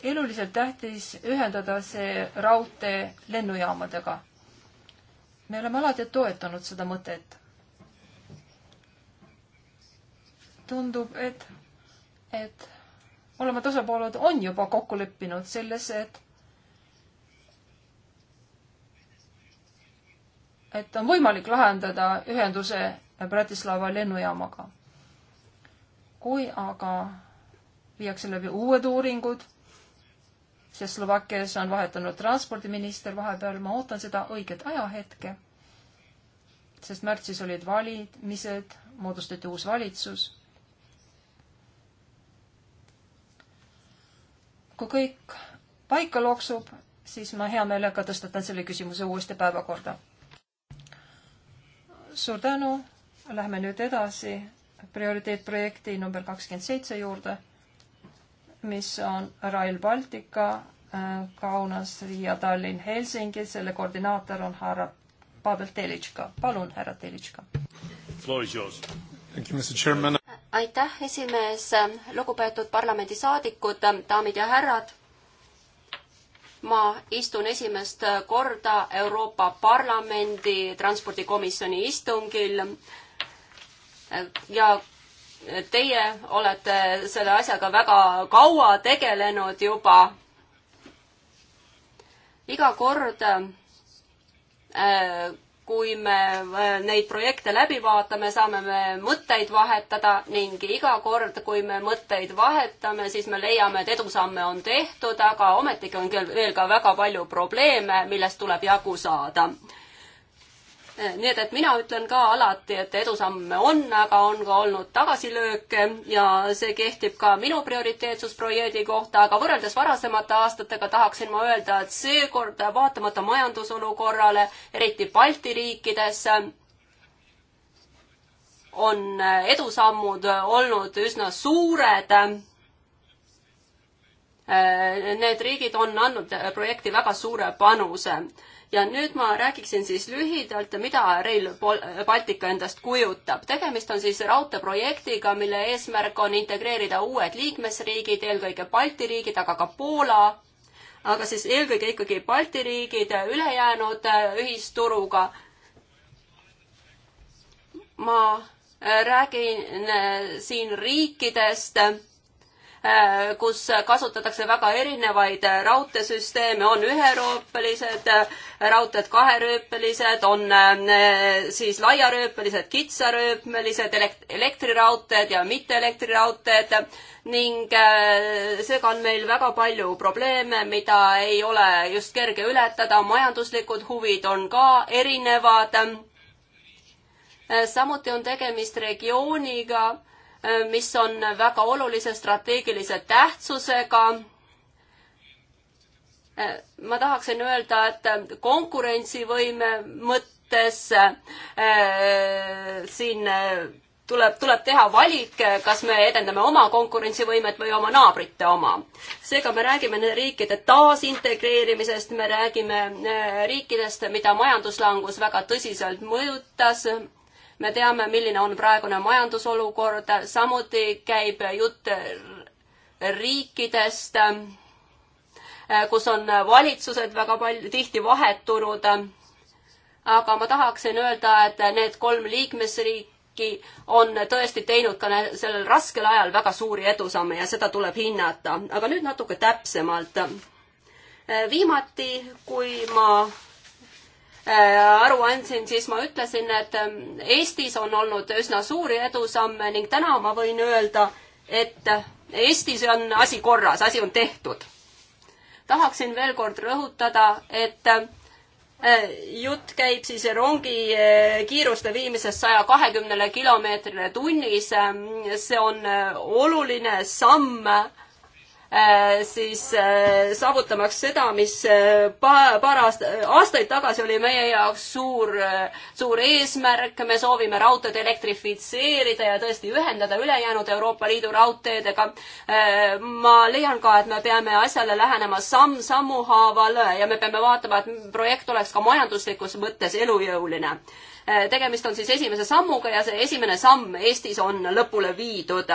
S1: eluliselt tähtis ühendada see raudtee lennujaamadega. me oleme alati toetanud seda mõtet tundub, et, et mõlemad osapooled on juba kokku leppinud selles, et et on võimalik lahendada ühenduse Bratislava lennujaamaga. kui aga viiakse läbi uued uuringud, sest Slovakkias on vahetunud transpordiminister vahepeal, ma ootan seda õiget ajahetke, sest märtsis olid valimised, moodustati uus valitsus kui kõik paika loksub, siis ma hea meelega tõstatan selle küsimuse uuesti päevakorda. suur tänu, lähme nüüd edasi prioriteetprojekti number kakskümmend seitse juurde, mis on Rail Baltica äh, Kaunas, Riia, Tallinn, Helsingi, selle koordinaator on härra Pavel Telitška. palun, härra Telitška.
S3: Floor is yours. Thank
S1: you, Mr Chairman
S2: aitäh, esimees, lugupeetud parlamendisaadikud, daamid ja härrad. ma istun esimest korda Euroopa Parlamendi transpordikomisjoni istungil ja teie olete selle asjaga väga kaua tegelenud juba. iga kord äh, kui me äh, neid projekte läbi vaatame, saame me mõtteid vahetada ning iga kord, kui me mõtteid vahetame, siis me leiame, et edusamme on tehtud, aga ometigi on veel ka väga palju probleeme, millest tuleb jagu saada nii et, et mina ütlen ka alati, et edusamme on, aga on ka olnud tagasilööke ja see kehtib ka minu prioriteetsusprojekti kohta, aga võrreldes varasemate aastatega tahaksin ma öelda, et seekord vaatamata majandusolukorrale, eriti Balti riikides, on edusammud olnud üsna suured Äh, need riigid on andnud projekti väga suure panuse ja nüüd ma räägiksin siis lühidalt, mida Rail äh, Baltica endast kujutab. tegemist on siis raudteeprojektiga, mille eesmärk on integreerida uued liikmesriigid, eelkõige Balti riigid, aga ka Poola, aga siis eelkõige ikkagi Balti riigid ülejäänud äh, ühisturuga. ma räägin siin riikidest Äh, kus kasutatakse väga erinevaid äh, raudteesüsteeme, on üherööpelised äh, raudteed, kaherööpelised, on siis laiarööpelised, kitsarööpelised, elektriraudteed ja mitteelektriraudteed ning seega on meil väga palju probleeme, mida ei ole just kerge ületada, majanduslikud huvid on ka erinevad. samuti on tegemist regiooniga Äh, mis on väga olulise strateegilise tähtsusega. Äh, ma tahaksin öelda, et äh, konkurentsivõime mõttes siin tuleb, tuleb teha valik, kas me edendame oma konkurentsivõimet või oma naabrite oma. seega me räägime riikide taasintegreerimisest, me räägime riikidest, mida majanduslangus väga tõsiselt mõjutas me teame, milline on praegune majandusolukord, samuti käib jutt riikidest, eh, kus on valitsused väga palju, tihti vahetunud. aga ma tahaksin öelda, et need kolm liikmesriiki on tõesti teinud ka sellel raskel ajal väga suuri edusamme ja seda tuleb hinnata. aga nüüd natuke täpsemalt. Eh, viimati, kui ma Äh, aru andsin, siis ma ütlesin, et ähm, Eestis on olnud üsna suuri edusamme ning täna ma võin öelda, et äh, Eestis on asi korras, asi on tehtud. tahaksin veel kord rõhutada, et äh, jutt käib siis rongi kiiruste viimisest saja kahekümnele kilomeetrile tunnis. Ähm, see on oluline samm Äh, siis äh, saavutamaks seda, mis äh, paar, paar aasta, aastaid tagasi oli meie jaoks suur, suur eesmärk, me soovime raudteed elektrifitseerida ja tõesti ühendada ülejäänud Euroopa Liidu raudteedega. ma leian ka, et me peame asjale lähenema samm sammu haaval ja me peame vaatama, et projekt oleks ka majanduslikus mõttes elujõuline tegemist on siis esimese sammuga ja see esimene samm Eestis on lõpule viidud.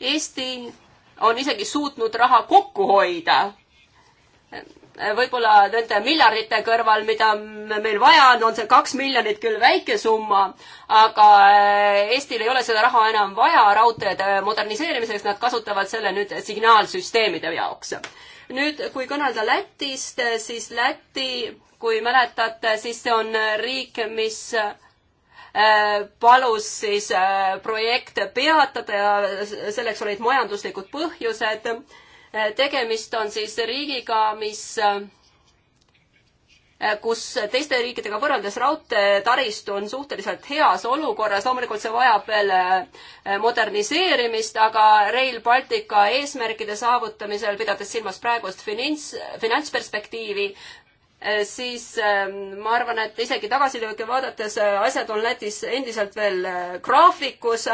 S2: Eesti on isegi suutnud raha kokku hoida. võib-olla nende miljardite kõrval, mida meil vaja on, on see kaks miljonit küll väike summa, aga eh, Eestil ei ole seda raha enam vaja raudteede moderniseerimiseks, nad kasutavad selle nüüd signaalsüsteemide jaoks. nüüd, kui kõnelda Lätist, siis Läti, kui mäletate, siis see on riik, mis Äh, palus siis äh, projekte peatada ja selleks olid majanduslikud põhjused. Äh, tegemist on siis riigiga, mis kus teiste riikidega võrreldes raudteetaristu on suhteliselt heas olukorras, loomulikult see vajab veel moderniseerimist, aga Rail Baltica eesmärkide saavutamisel, pidades silmas praegust finants, finantsperspektiivi, Äh, siis ähm, ma arvan, et isegi tagasilööke vaadates äh, asjad on Lätis endiselt veel äh, graafikus.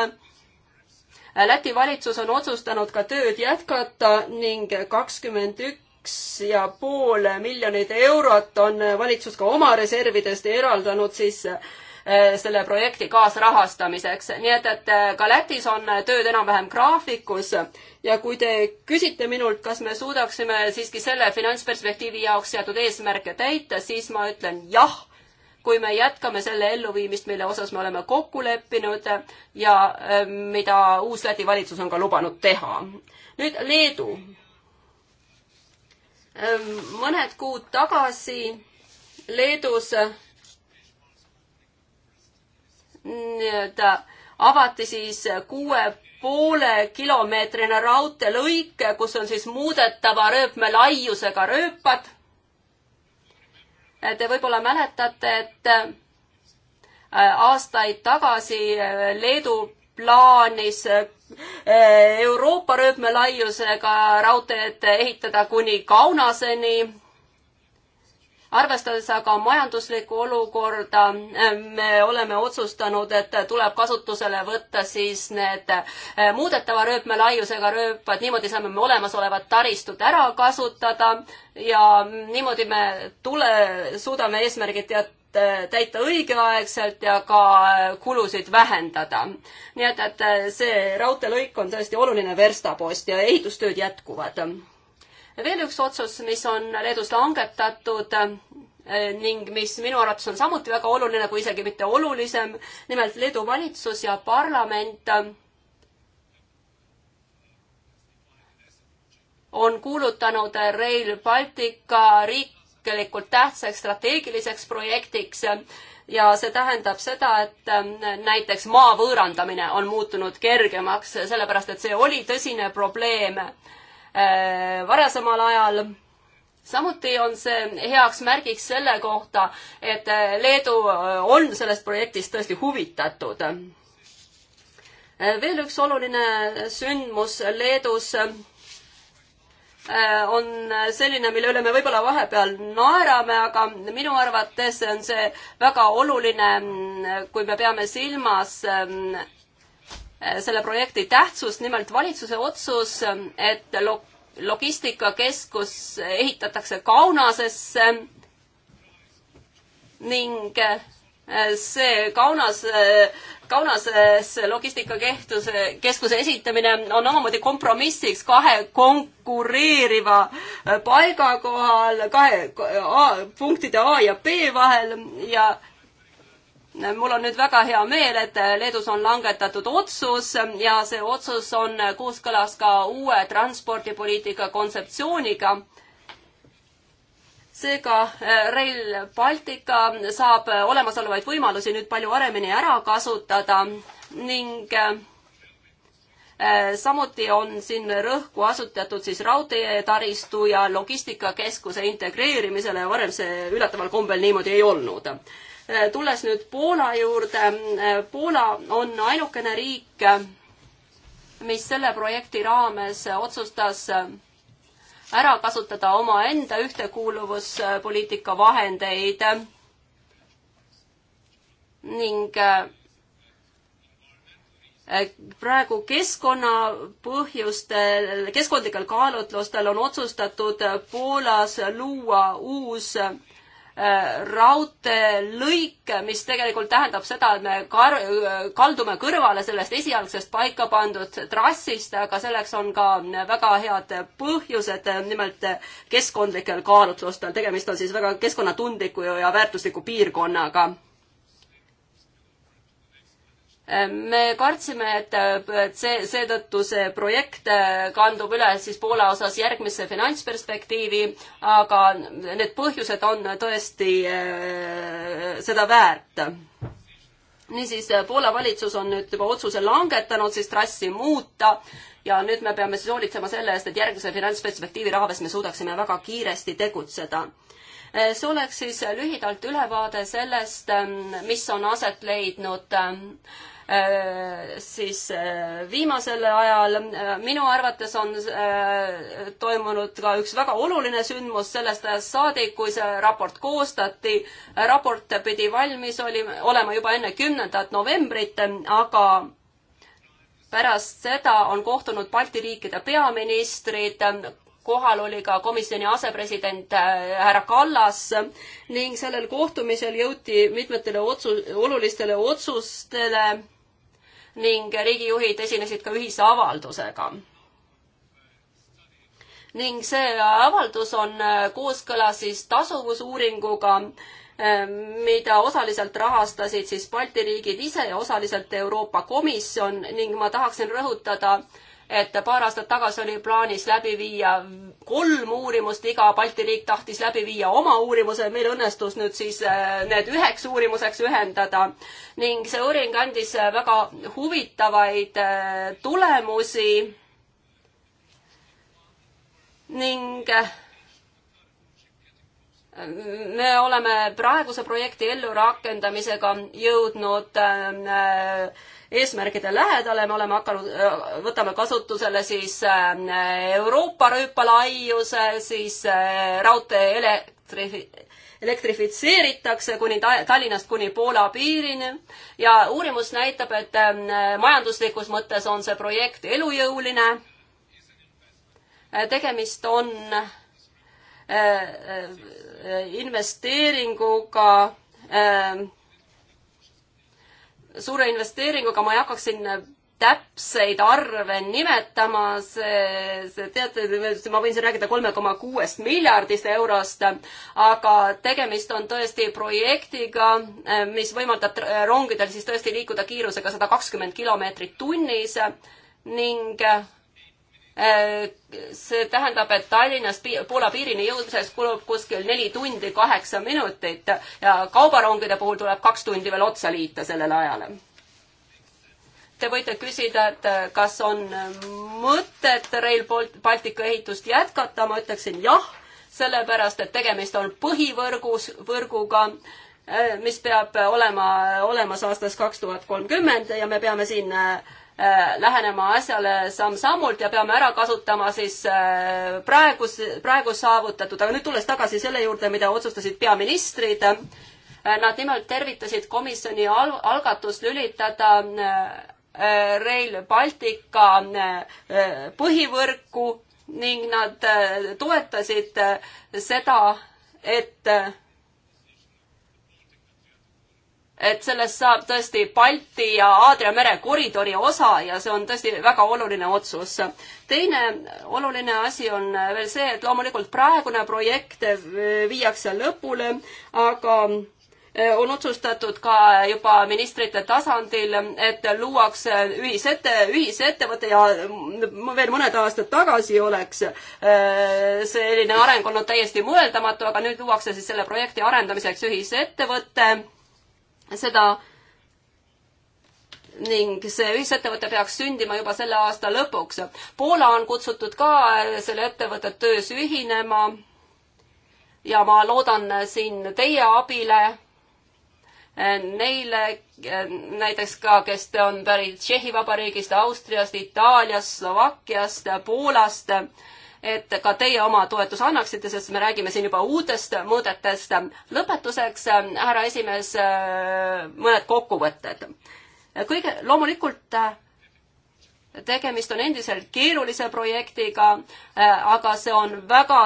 S2: Läti valitsus on otsustanud ka tööd jätkata ning kakskümmend üks ja pool miljonit eurot on valitsus ka oma reservidest eraldanud siis äh, Eh, selle projekti kaasrahastamiseks. nii et, et eh, ka Lätis on tööd enam-vähem graafikus ja kui te küsite minult, kas me suudaksime siiski selle finantsperspektiivi jaoks seatud eesmärke täita, siis ma ütlen jah kui me jätkame selle elluviimist, mille osas me oleme kokku leppinud ja eh, mida uus Läti valitsus on ka lubanud teha. nüüd Leedu. mõned kuud tagasi Leedus nii-öelda avati siis kuue poole kilomeetrine raudteelõik, kus on siis muudetava rööpmelaiusega rööpad. Te võib-olla mäletate, et äh, aastaid tagasi äh, Leedu plaanis äh, Euroopa rööpmelaiusega raudteed ehitada kuni Kaunaseni arvestades aga majanduslikku olukorda, eh, me oleme otsustanud, et tuleb kasutusele võtta siis need eh, muudetava rööpmelaiusega rööpad, niimoodi saame me olemasolevat taristut ära kasutada ja niimoodi me tule, suudame eesmärgid täita õigeaegselt ja ka eh, kulusid vähendada. nii et, et see raudteelõik on tõesti oluline verstapost ja ehitustööd jätkuvad veel üks otsus, mis on Leedus langetatud eh, ning mis minu arvates on samuti väga oluline, kui isegi mitte olulisem, nimelt Leedu valitsus ja parlament eh, on kuulutanud Rail Baltica riiklikult tähtsaks strateegiliseks projektiks eh, ja see tähendab seda, et näiteks maa võõrandamine on muutunud kergemaks, sellepärast et see oli tõsine probleem Äh, varasemal ajal. samuti on see heaks märgiks selle kohta, et äh, Leedu äh, on sellest projektist tõesti huvitatud. veel üks oluline sündmus Leedus on selline, mille üle me võib-olla vahepeal naerame, aga minu arvates on see väga oluline, mm, kui me peame silmas mm, Äh, selle projekti tähtsust, nimelt valitsuse otsus, et logistikakeskus ehitatakse Kaunasesse ning äh, see Kaunas, Kaunases logistikakehtuse, keskuse esitamine on omamoodi kompromissiks kahe konkureeriva äh, paiga kohal, kahe A, punktide A ja B vahel ja mul on nüüd väga hea meel, et Leedus on langetatud otsus ja see otsus on kooskõlas ka uue transpordipoliitika kontseptsiooniga. seega eh, Rail Baltica saab olemasolevaid võimalusi nüüd palju paremini ära kasutada ning eh, eh, samuti on siin rõhku asutatud siis raudteetaristu ja logistikakeskuse integreerimisele, varem see üllataval kombel niimoodi ei olnud. Äh, tulles nüüd Poola juurde, äh, Poola on ainukene riik, äh, mis selle projekti raames otsustas ära kasutada omaenda ühtekuuluvuspoliitika vahendeid ning praegu keskkonna põhjustel, keskkondlikel kaalutlustel on otsustatud Poolas luua uus Äh, raudteelõik, mis tegelikult tähendab seda, et me kar-, kaldume kõrvale sellest esialgsest paika pandud trassist, aga selleks on ka väga head põhjused, nimelt keskkondlikel kaalutlustel. tegemist on siis väga keskkonnatundliku ja väärtusliku piirkonnaga me kartsime, et, et see, seetõttu see projekt äh, kandub üle siis Poola osas järgmisse finantsperspektiivi, aga need põhjused on tõesti äh, seda väärt. niisiis, äh, Poola valitsus on nüüd juba otsuse langetanud siis trassi muuta ja nüüd me peame siis hoolitsema selle eest, et järgmise finantsperspektiivi raames me suudaksime väga kiiresti tegutseda see oleks siis lühidalt ülevaade sellest, ähm, mis on aset leidnud ähm, Äh, siis äh, viimasel ajal äh, minu arvates on toimunud ka üks väga oluline sündmus sellest ajast saadik, kui see raport koostati. raport pidi valmis oli, olema juba enne kümnendat novembrit, aga pärast seda on kohtunud Balti riikide peaministrid, kohal oli ka komisjoni asepresident härra Kallas ning sellel kohtumisel jõuti mitmetele otsu-, olulistele otsustele ning riigijuhid esinesid ka ühise avaldusega. ning see avaldus on kooskõlas siis tasuvusuuringuga, eh, mida osaliselt rahastasid siis Balti riigid ise ja osaliselt Euroopa Komisjon ning ma tahaksin rõhutada, et paar aastat tagasi oli plaanis läbi viia kolm uurimust, iga Balti riik tahtis läbi viia oma uurimuse, meil õnnestus nüüd siis äh, need üheks uurimuseks ühendada. ning see uuring andis äh, väga huvitavaid äh, tulemusi. ning me oleme praeguse projekti ellurakendamisega jõudnud äh, eesmärgide lähedale, me oleme hakanud, võtame kasutusele siis Euroopa rööpalaiuse, siis raudtee elektri, elektrifitseeritakse kuni Tallinnast kuni Poola piirini ja uurimus näitab, et majanduslikus mõttes on see projekt elujõuline. tegemist on investeeringuga suure investeeringuga, ma ei hakkaks siin täpseid arve nimetama, see, see teate, ma võin siin rääkida kolme koma kuuest miljardist eurost, aga tegemist on tõesti projektiga, mis võimaldab rongidel siis tõesti liikuda kiirusega sada kakskümmend kilomeetrit tunnis ning Äh, see tähendab, et Tallinnast Poola piirini jõudmiseks kulub kuskil neli tundi kaheksa minutit ja kaubarongide puhul tuleb kaks tundi veel otsa liita sellele ajale. Te võite küsida, et äh, kas on äh, mõtet Rail Balticu ehitust jätkata, ma ütleksin jah, sellepärast et tegemist on põhivõrgus, võrguga mis peab olema olemas aastast kaks tuhat kolmkümmend ja me peame siin Äh, lähenema asjale samm-sammult ja peame ära kasutama siis äh, praegus, praegu saavutatud, aga nüüd tulles tagasi selle juurde, mida otsustasid peaministrid, äh, nad nimelt tervitasid komisjoni al-, algatust lülitada Rail Baltica põhivõrku ning nad toetasid seda, et et sellest saab tõesti Balti ja Aadria mere koridori osa ja see on tõesti väga oluline otsus. teine oluline asi on veel see, et loomulikult praegune projekt viiakse lõpule, aga eh, on otsustatud ka juba ministrite tasandil, et luuakse ühisette, ühisettevõte ja veel mõned aastad tagasi oleks eh, selline areng olnud täiesti mõeldamatu, aga nüüd luuakse siis selle projekti arendamiseks ühisettevõte seda ning see ühisettevõte peaks sündima juba selle aasta lõpuks. Poola on kutsutud ka selle ettevõtte töös ühinema ja ma loodan siin teie abile. Neile näiteks ka, kes on pärit Tšehhi Vabariigist, Austriast, Itaaliast, Slovakkiast, Poolast et ka teie oma toetuse annaksite, sest me räägime siin juba uutest mõõdetest. lõpetuseks, äh, härra esimees, äh, mõned kokkuvõtted. kõige, loomulikult äh, tegemist on endiselt keerulise projektiga, aga see on väga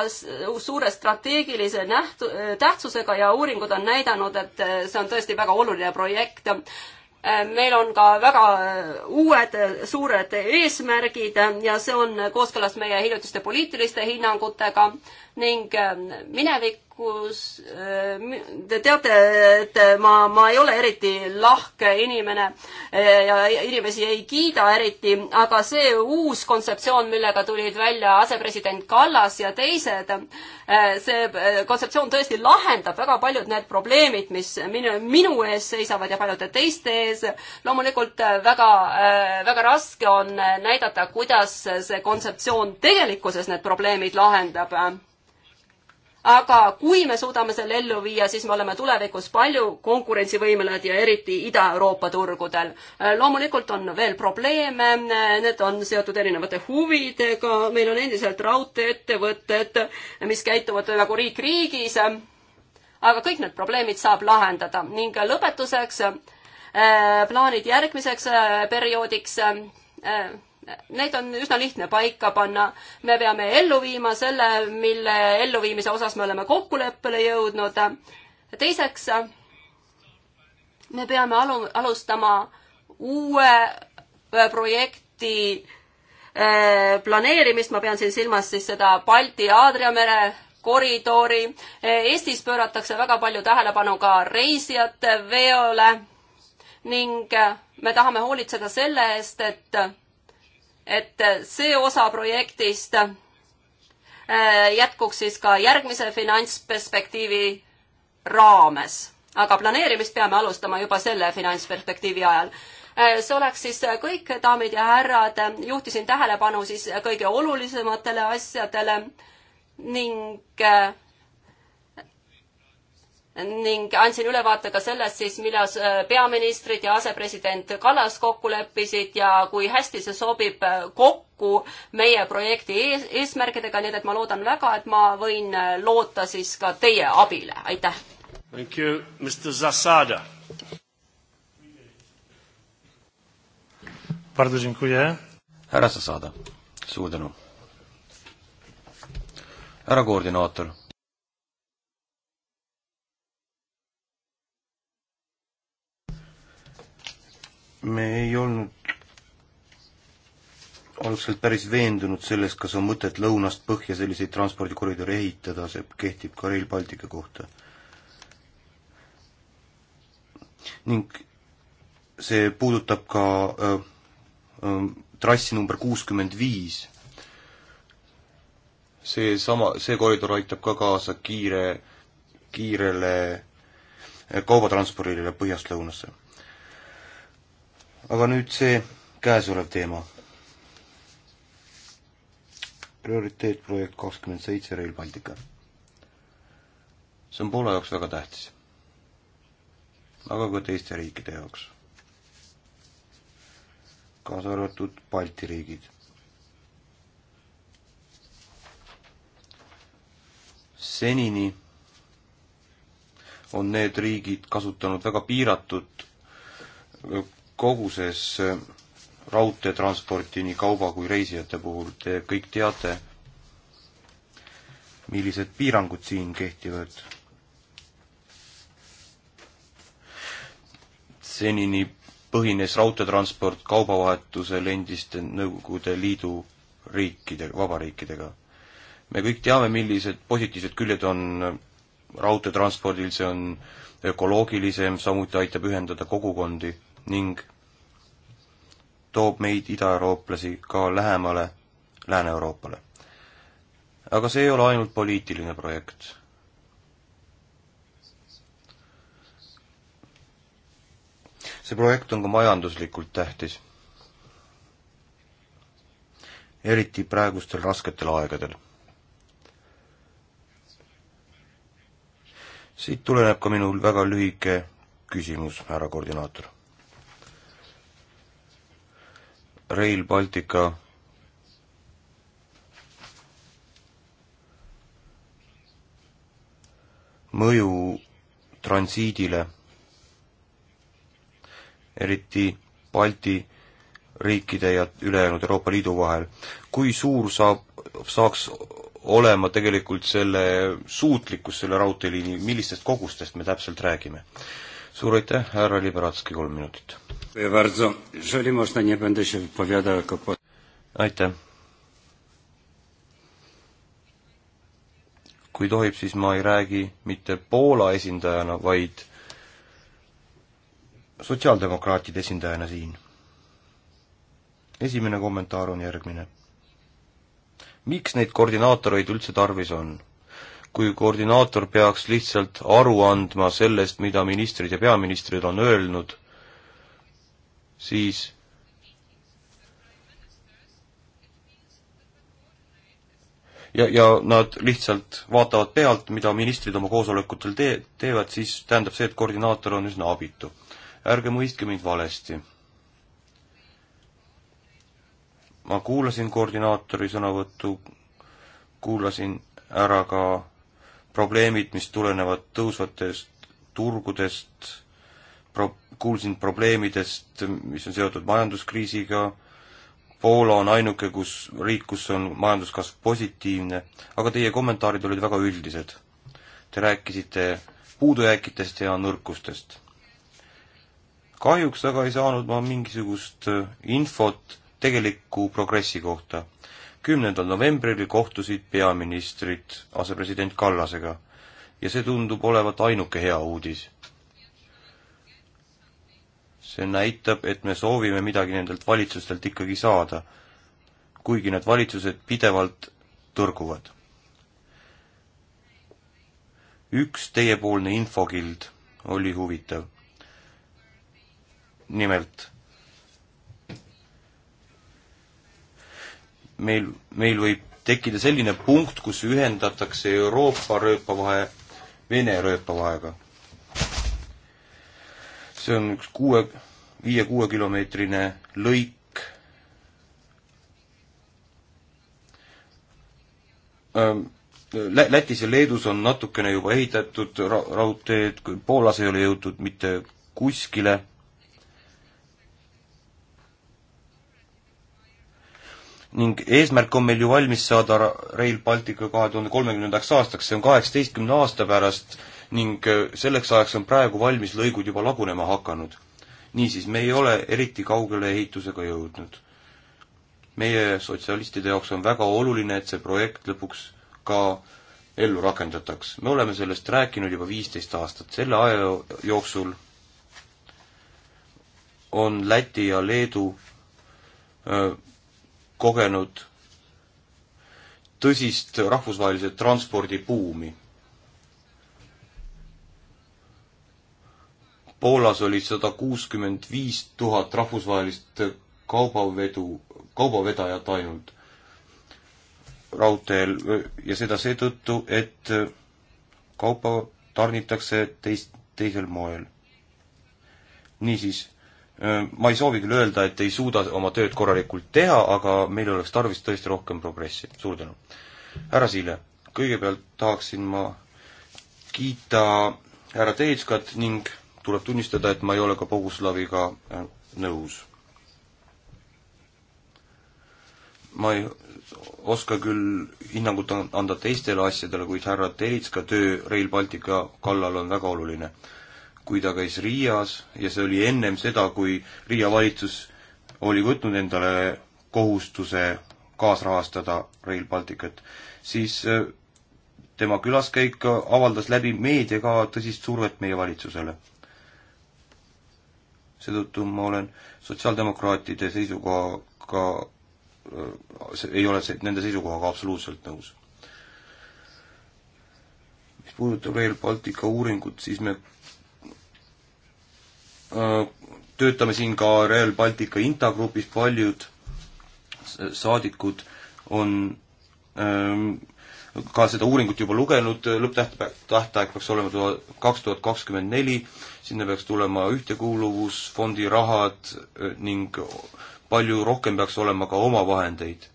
S2: suure strateegilise nähtu-, tähtsusega ja uuringud on näidanud, et see on tõesti väga oluline projekt Äh, meil on ka väga äh, uued äh, suured eesmärgid ja see on kooskõlas meie hiljutiste poliitiliste hinnangutega ning ähm, minevikus äh, te teate, et ma, ma ei ole eriti lahke inimene äh, ja inimesi ei kiida eriti, aga see uus kontseptsioon, millega tulid välja asepresident Kallas ja teised, äh, see kontseptsioon tõesti lahendab väga paljud need probleemid, mis minu, minu ees seisavad ja paljude teiste ees. loomulikult väga, väga raske on näidata, kuidas see kontseptsioon tegelikkuses need probleemid lahendab aga kui me suudame selle ellu viia, siis me oleme tulevikus palju konkurentsivõimelised ja eriti Ida-Euroopa turgudel. Äh, loomulikult on veel probleeme, need on seotud erinevate huvidega, meil on endiselt raudteeettevõtted, mis käituvad nagu riik riigis, aga kõik need probleemid saab lahendada ning lõpetuseks äh, plaanid järgmiseks äh, perioodiks neid on üsna lihtne paika panna. me peame ellu viima selle, mille elluviimise osas me oleme kokkuleppele jõudnud. teiseks, me peame alu-, alustama uue äh, projekti äh, planeerimist, ma pean siin silmas siis seda Balti-Aadria mere koridori. Äh, Eestis pööratakse väga palju tähelepanu ka reisijate veole ning me tahame hoolitseda selle eest, et et see osa projektist äh, jätkuks siis ka järgmise finantsperspektiivi raames. aga planeerimist peame alustama juba selle finantsperspektiivi ajal. Äh, see oleks siis kõik, daamid ja härrad, juhtisin tähelepanu siis kõige olulisematele asjadele ning äh, ning andsin ülevaate ka sellest siis, milles äh, peaministrid ja asepresident Kallas kokku leppisid ja kui hästi see sobib äh, kokku meie projekti ees, eesmärkidega, nii et ma loodan väga, et ma võin äh, loota siis ka teie abile, aitäh!
S1: Thank you, Mr Zasada.
S3: Bardzo dziękuję. härra Zasada, suur tänu. härra koordinaator me ei olnud algselt päris veendunud selles, kas on mõtet lõunast põhja selliseid transpordikoridore ehitada, see kehtib ka Rail Baltica kohta. ning see puudutab ka öö, öö, trassi number kuuskümmend viis. seesama, see koridor aitab ka kaasa kiire, kiirele kaubatranspordile põhjast lõunasse aga nüüd see käesolev teema. prioriteetprojekt kakskümmend seitse Rail Baltica. see on Poola jaoks väga tähtis, aga ka teiste riikide jaoks, kaasa arvatud Balti riigid. senini on need riigid kasutanud väga piiratud koguses äh, raudteetransporti nii kauba kui reisijate puhul, te kõik teate, millised piirangud siin kehtivad. senini põhines raudteetransport kaubavahetusel endiste Nõukogude Liidu riikide, vabariikidega. me kõik teame, millised positiivsed küljed on raudteetranspordil, see on ökoloogilisem, samuti aitab ühendada kogukondi ning toob meid, idaeurooplasi, ka lähemale Lääne-Euroopale. aga see ei ole ainult poliitiline projekt. see projekt on ka majanduslikult tähtis. eriti praegustel rasketel aegadel siit tuleneb ka minul väga lühike küsimus, härra koordinaator. Rail Baltica mõju transiidile, eriti Balti riikide ja ülejäänud Euroopa Liidu vahel. kui suur saab, saaks olema tegelikult selle suutlikkus, selle raudteeliini, millistest kogustest me täpselt räägime? suur aitäh, härra Liberatski, kolm minutit aitäh. kui tohib, siis ma ei räägi mitte Poola esindajana, vaid sotsiaaldemokraatide esindajana siin. esimene kommentaar on järgmine. miks neid koordinaatoreid üldse tarvis on? kui koordinaator peaks lihtsalt aru andma sellest, mida ministrid ja peaministrid on öelnud siis ja, ja nad lihtsalt vaatavad pealt, mida ministrid oma koosolekutel tee-, teevad, siis tähendab see, et koordinaator on üsna abitu. ärge mõistke mind valesti. ma kuulasin koordinaatori sõnavõttu, kuulasin ära ka probleemid, mis tulenevad tõusvatest turgudest, pro-, kuulsin probleemidest, mis on seotud majanduskriisiga, Poola on ainuke, kus, riik, kus on majanduskasv positiivne, aga teie kommentaarid olid väga üldised. Te rääkisite puudujääkidest ja nõrkustest. kahjuks aga ei saanud ma mingisugust äh, infot tegeliku progressi kohta. kümnendal novembril kohtusid peaministrid asepresident Kallasega ja see tundub olevat ainuke hea uudis see näitab, et me soovime midagi nendelt valitsustelt ikkagi saada, kuigi need valitsused pidevalt tõrguvad. üks teiepoolne infokild oli huvitav. nimelt, meil, meil võib tekkida selline punkt, kus ühendatakse Euroopa rööpavahe Vene rööpavahega see on üks kuue, viie-kuue kilomeetrine lõik. Ähm, lä-, Lätis ja Leedus on natukene juba ehitatud ra-, raudteed, Poolas ei ole jõutud mitte kuskile ning eesmärk on meil ju valmis saada Rail Baltica kahe tuhande kolmekümnendaks aastaks, see on kaheksateistkümne aasta pärast ning äh, selleks ajaks on praegu valmis lõigud juba lagunema hakanud. niisiis, me ei ole eriti kaugele ehitusega jõudnud. meie sotsialistide jaoks on väga oluline, et see projekt lõpuks ka ellu rakendataks. me oleme sellest rääkinud juba viisteist aastat, selle aja jooksul on Läti ja Leedu öö, äh, kogenud tõsist rahvusvahelise transpordi buumi. Poolas oli sada kuuskümmend viis tuhat rahvusvahelist kaubavedu, kaubavedajat ainult raudteel ja seda seetõttu, et kaupa tarnitakse teist, teisel moel. niisiis, ma ei soovi küll öelda, et ei suuda oma tööd korralikult teha, aga meil oleks tarvis tõesti rohkem progressi. suur tänu. härra Siile, kõigepealt tahaksin ma kiita härra Teetskat ning tuleb tunnistada, et ma ei ole ka Boguslaviga äh, nõus. ma ei oska küll hinnangut anda teistele asjadele, kuid härra Telitska töö Rail Baltica kallal on väga oluline. kui ta käis Riias ja see oli ennem seda, kui Riia valitsus oli võtnud endale kohustuse kaasrahastada Rail Balticut, siis äh, tema külaskäik avaldas läbi meedia ka tõsist survet meie valitsusele seetõttu ma olen sotsiaaldemokraatide seisukohaga, äh, ei ole see, nende seisukohaga absoluutselt nõus. mis puudutab Rail Baltica uuringut, siis me öö, äh, töötame siin ka Rail Baltica Intagrupis, paljud saadikud on öö, ähm, ka seda uuringut juba lugenud, lõpptähtaeg, tähtaeg peaks olema tuhat, kaks tuhat kakskümmend neli, sinna peaks tulema ühtekuuluvusfondi rahad eh, ning palju rohkem peaks olema ka omavahendeid.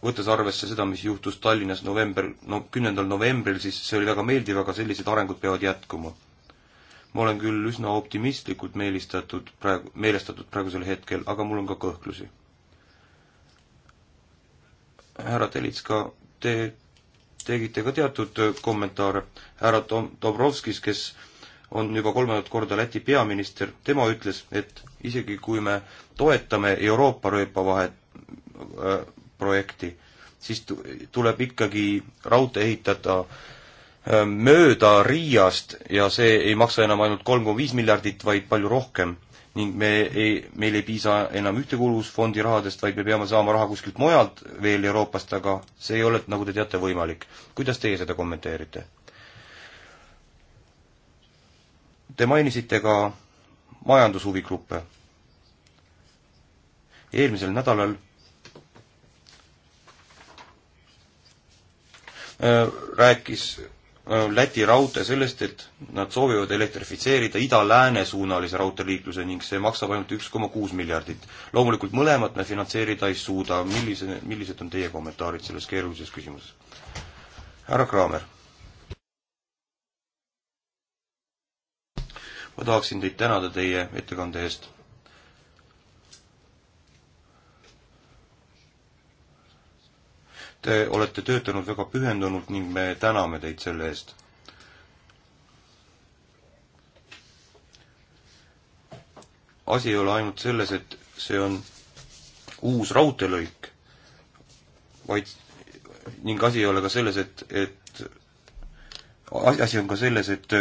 S3: võttes arvesse seda, mis juhtus Tallinnas november, no kümnendal novembril, siis see oli väga meeldiv, aga sellised arengud peavad jätkuma. ma olen küll üsna optimistlikult meelistatud praegu, meelestatud praegusel hetkel, aga mul on ka kõhklusi härra Telitska, te tegite ka teatud kommentaare. härra Tom-, Dobrovskis, kes on juba kolmandat korda Läti peaminister, tema ütles, et isegi kui me toetame Euroopa rööpavahet äh, projekti, siis tuleb ikkagi raudtee ehitada äh, mööda Riiast ja see ei maksa enam ainult kolm koma viis miljardit, vaid palju rohkem ning me ei, meil ei piisa enam ühtekuuluvusfondi rahadest, vaid me peame saama raha kuskilt mujalt veel Euroopast, aga see ei ole, nagu te teate, võimalik. kuidas teie seda kommenteerite? Te mainisite ka majandushuvigruppe. eelmisel nädalal äh, rääkis Äh, Läti raudtee sellest, et nad soovivad elektrifitseerida ida-lääne suunalise raudteeliikluse ning see maksab ainult üks koma kuus miljardit. loomulikult mõlemat me finantseerida ei suuda, millise, millised on teie kommentaarid selles keerulises küsimuses? härra Kraamer. ma tahaksin teid tänada teie ettekande eest Te olete töötanud väga pühendunult ning me täname teid selle eest. asi ei ole ainult selles, et see on uus raudteelõik, vaid ning asi ei ole ka selles, et, et asi on ka selles, et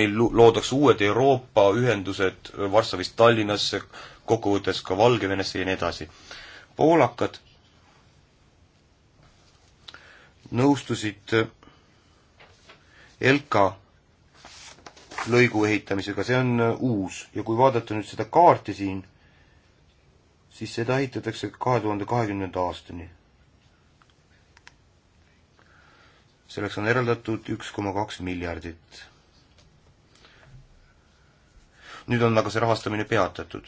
S3: meil loodakse uued Euroopa ühendused Varssavist Tallinnasse, kokkuvõttes ka Valgevenesse ja nii edasi. poolakad nõustusid eh, LK lõigu ehitamisega, see on eh, uus ja kui vaadata nüüd seda kaarti siin, siis seda ehitatakse kahe tuhande kahekümnenda aastani. selleks on eraldatud üks koma kaks miljardit. nüüd on aga see rahastamine peatatud.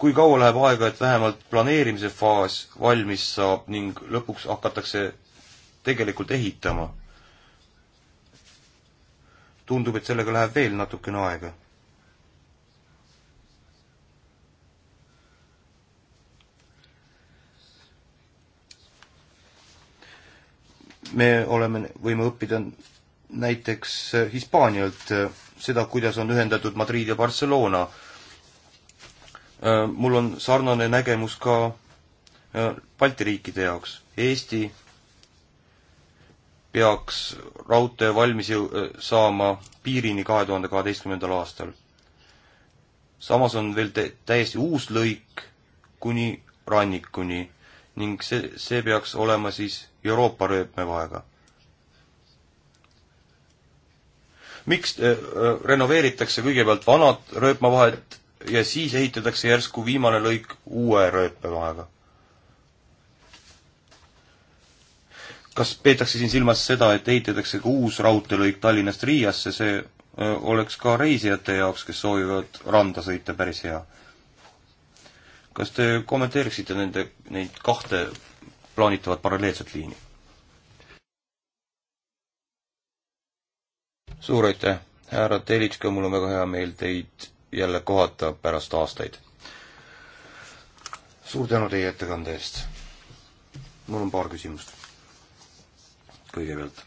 S3: kui kaua läheb aega, et vähemalt planeerimise faas valmis saab ning lõpuks hakatakse tegelikult ehitama? tundub, et sellega läheb veel natukene aega. me oleme, võime õppida näiteks Hispaanialt seda, kuidas on ühendatud Madrid ja Barcelona Äh, mul on sarnane nägemus ka äh, Balti riikide jaoks. Eesti peaks raudtee valmis äh, saama piirini kahe tuhande kaheteistkümnendal aastal. samas on veel täiesti uus lõik kuni rannikuni ning see, see peaks olema siis Euroopa rööpmevaega. miks äh, renoveeritakse kõigepealt vanad rööpmavahed ja siis ehitatakse järsku viimane lõik uue rööpmevahega. kas peetakse siin silmas seda, et ehitatakse ka uus raudteelõik Tallinnast Riiasse, see oleks ka reisijate jaoks, kes soovivad randa sõita, päris hea. kas te kommenteeriksite nende, neid kahte plaanitavat paralleelset liini? suur aitäh, härra Telitška, mul on väga hea meel teid jälle kohata pärast aastaid. suur tänu teie ettekande eest. mul on paar küsimust. kõigepealt.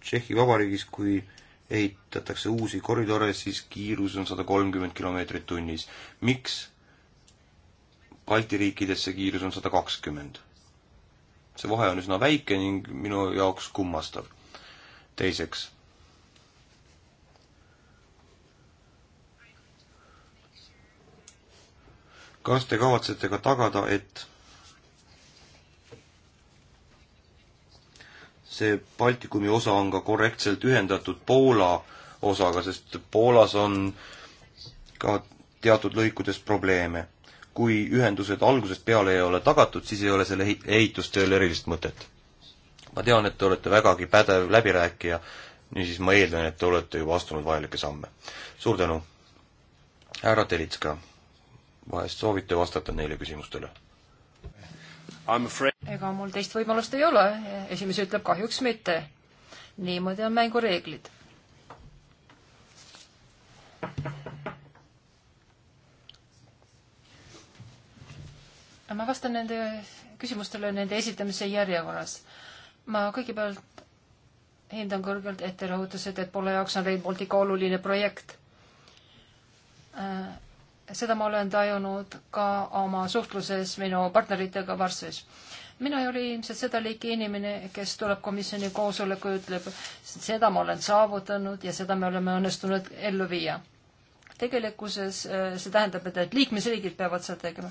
S3: Tšehhi Vabariigis, kui ehitatakse uusi koridore, siis kiirus on sada kolmkümmend kilomeetrit tunnis. miks Balti riikides see kiirus on sada kakskümmend? see vahe on üsna väike ning minu jaoks kummastav. teiseks kas te kavatsete ka tagada, et see Baltikumi osa on ka korrektselt ühendatud Poola osaga, sest Poolas on ka teatud lõikudes probleeme. kui ühendused algusest peale ei ole tagatud, siis ei ole selle ehitustööl erilist mõtet. ma tean, et te olete vägagi pädev läbirääkija, niisiis ma eeldan, et te olete juba astunud vajalikke samme. suur tänu! härra Telitska vahest soovite vastata neile küsimustele?
S1: ega mul teist võimalust ei ole, esimees ütleb kahjuks mitte. niimoodi on mängureeglid. ma vastan nende küsimustele nende esitamise järjekorras. ma kõigepealt hindan kõrgelt etterõhutused, et Poola jaoks on Rail Baltic oluline projekt äh, seda ma olen tajunud ka oma suhtluses minu partneritega Varssavis. mina ei ole ilmselt seda liiki inimene, kes tuleb komisjoni koosoleku ja ütleb, seda ma olen saavutanud ja seda me oleme õnnestunud ellu viia tegelikkuses äh, see tähendab, et liikmesriigid peavad seda tegema.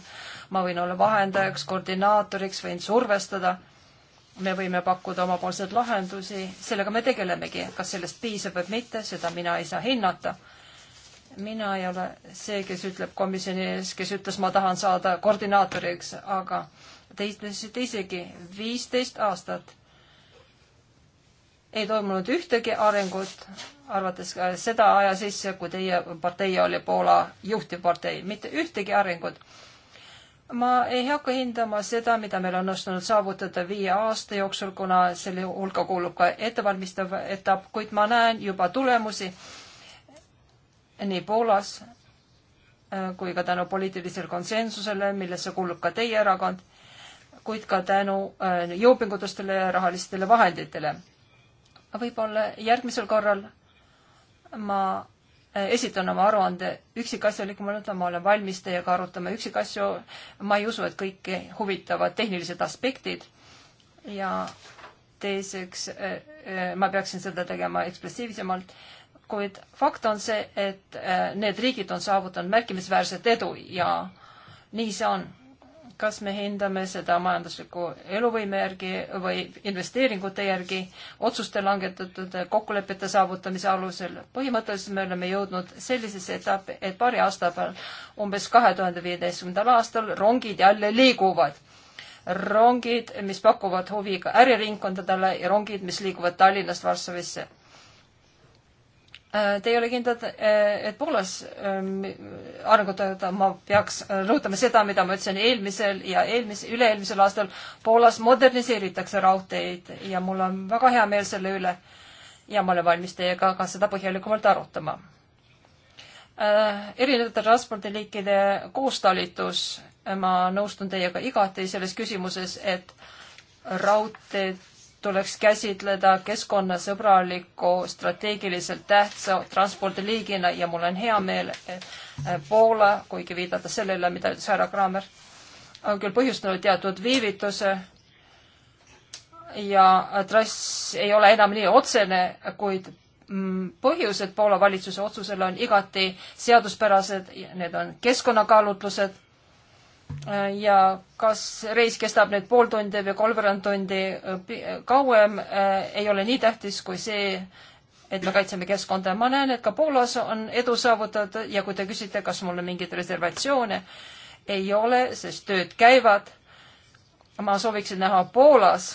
S1: ma võin olla vahendajaks, koordinaatoriks, võin survestada, me võime pakkuda omapoolseid lahendusi, sellega me tegelemegi, kas sellest piisab või mitte, seda mina ei saa hinnata mina ei ole see, kes ütleb komisjoni ees, kes ütles, ma tahan saada koordinaatoriks, aga te ütlesite isegi viisteist aastat ei toimunud ühtegi arengut, arvates seda aja sisse, kui teie partei oli Poola juhtivpartei, mitte ühtegi arengut. ma ei hakka hindama seda, mida meil on õnnestunud saavutada viie aasta jooksul, kuna selle hulka kuulub ka ettevalmistav etapp, kuid ma näen juba tulemusi nii Poolas äh, kui ka tänu poliitilisele konsensusele, millesse kuulub ka teie erakond, kuid ka tänu äh, jõupingutustele ja rahalistele vahenditele. võib-olla järgmisel korral ma äh, esitan oma aruande üksikasjalikumalt, ma olen valmis teiega arutama üksikasju. ma ei usu, et kõiki huvitavad tehnilised aspektid ja teiseks ma peaksin seda tegema ekspressiivsemalt kuid fakt on see, et äh, need riigid on saavutanud märkimisväärset edu ja nii see on. kas me hindame seda majandusliku eluvõime järgi või investeeringute järgi, otsuste langetatud kokkulepete saavutamise alusel, põhimõtteliselt me oleme jõudnud sellisesse etappi, et paari aasta peal, umbes kahe tuhande viieteistkümnendal aastal rongid jälle liiguvad rongid, mis pakuvad huvi ka äriringkondadele ja rongid, mis liiguvad Tallinnast Varssavisse Äh, te ei ole kindlad, äh, et Poolas äh, arengutööd ma peaks rõhutama seda, mida ma ütlesin eelmisel ja eelmise, üle-eelmisel aastal. Poolas moderniseeritakse raudteid ja mul on väga hea meel selle üle. ja ma olen valmis teiega ka seda põhjalikumalt arutama äh,. erinevate transpordiliikide koostalitus, ma nõustun teiega igati selles küsimuses, et raudteed tuleks käsitleda keskkonnasõbraliku strateegiliselt tähtsa transpordiliigina ja mul on hea meel, äh, Poola, kuigi viidata sellele, mida ütles härra Kramer, on küll põhjustanud teatud viivituse ja trass ei ole enam nii otsene, kuid mm, põhjused Poola valitsuse otsusele on igati seaduspärased, need on keskkonnakaalutlused ja kas reis kestab nüüd pool tundi või kolmveerand tundi äh, kauem, äh, ei ole nii tähtis kui see, et me kaitseme keskkonda ja ma näen, et ka Poolas on edu saavutatud ja kui te küsite, kas mul on mingeid reservatsioone, ei ole, sest tööd käivad. ma sooviksin näha Poolas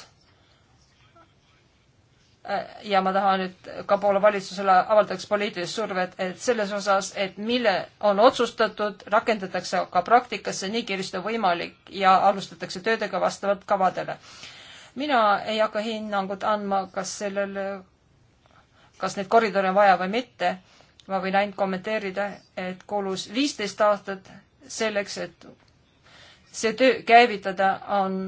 S1: Äh, ja ma tahan nüüd ka Poola valitsusele avaldaks poliitilist survet, et selles osas, et mille on otsustatud, rakendatakse ka praktikasse nii kiiresti kui võimalik ja alustatakse töödega vastavalt kavadele. mina ei hakka hinnangut andma, kas sellel, kas neid koridore on vaja või mitte. ma võin ainult kommenteerida, et kulus viisteist aastat selleks, et see töö käivitada, on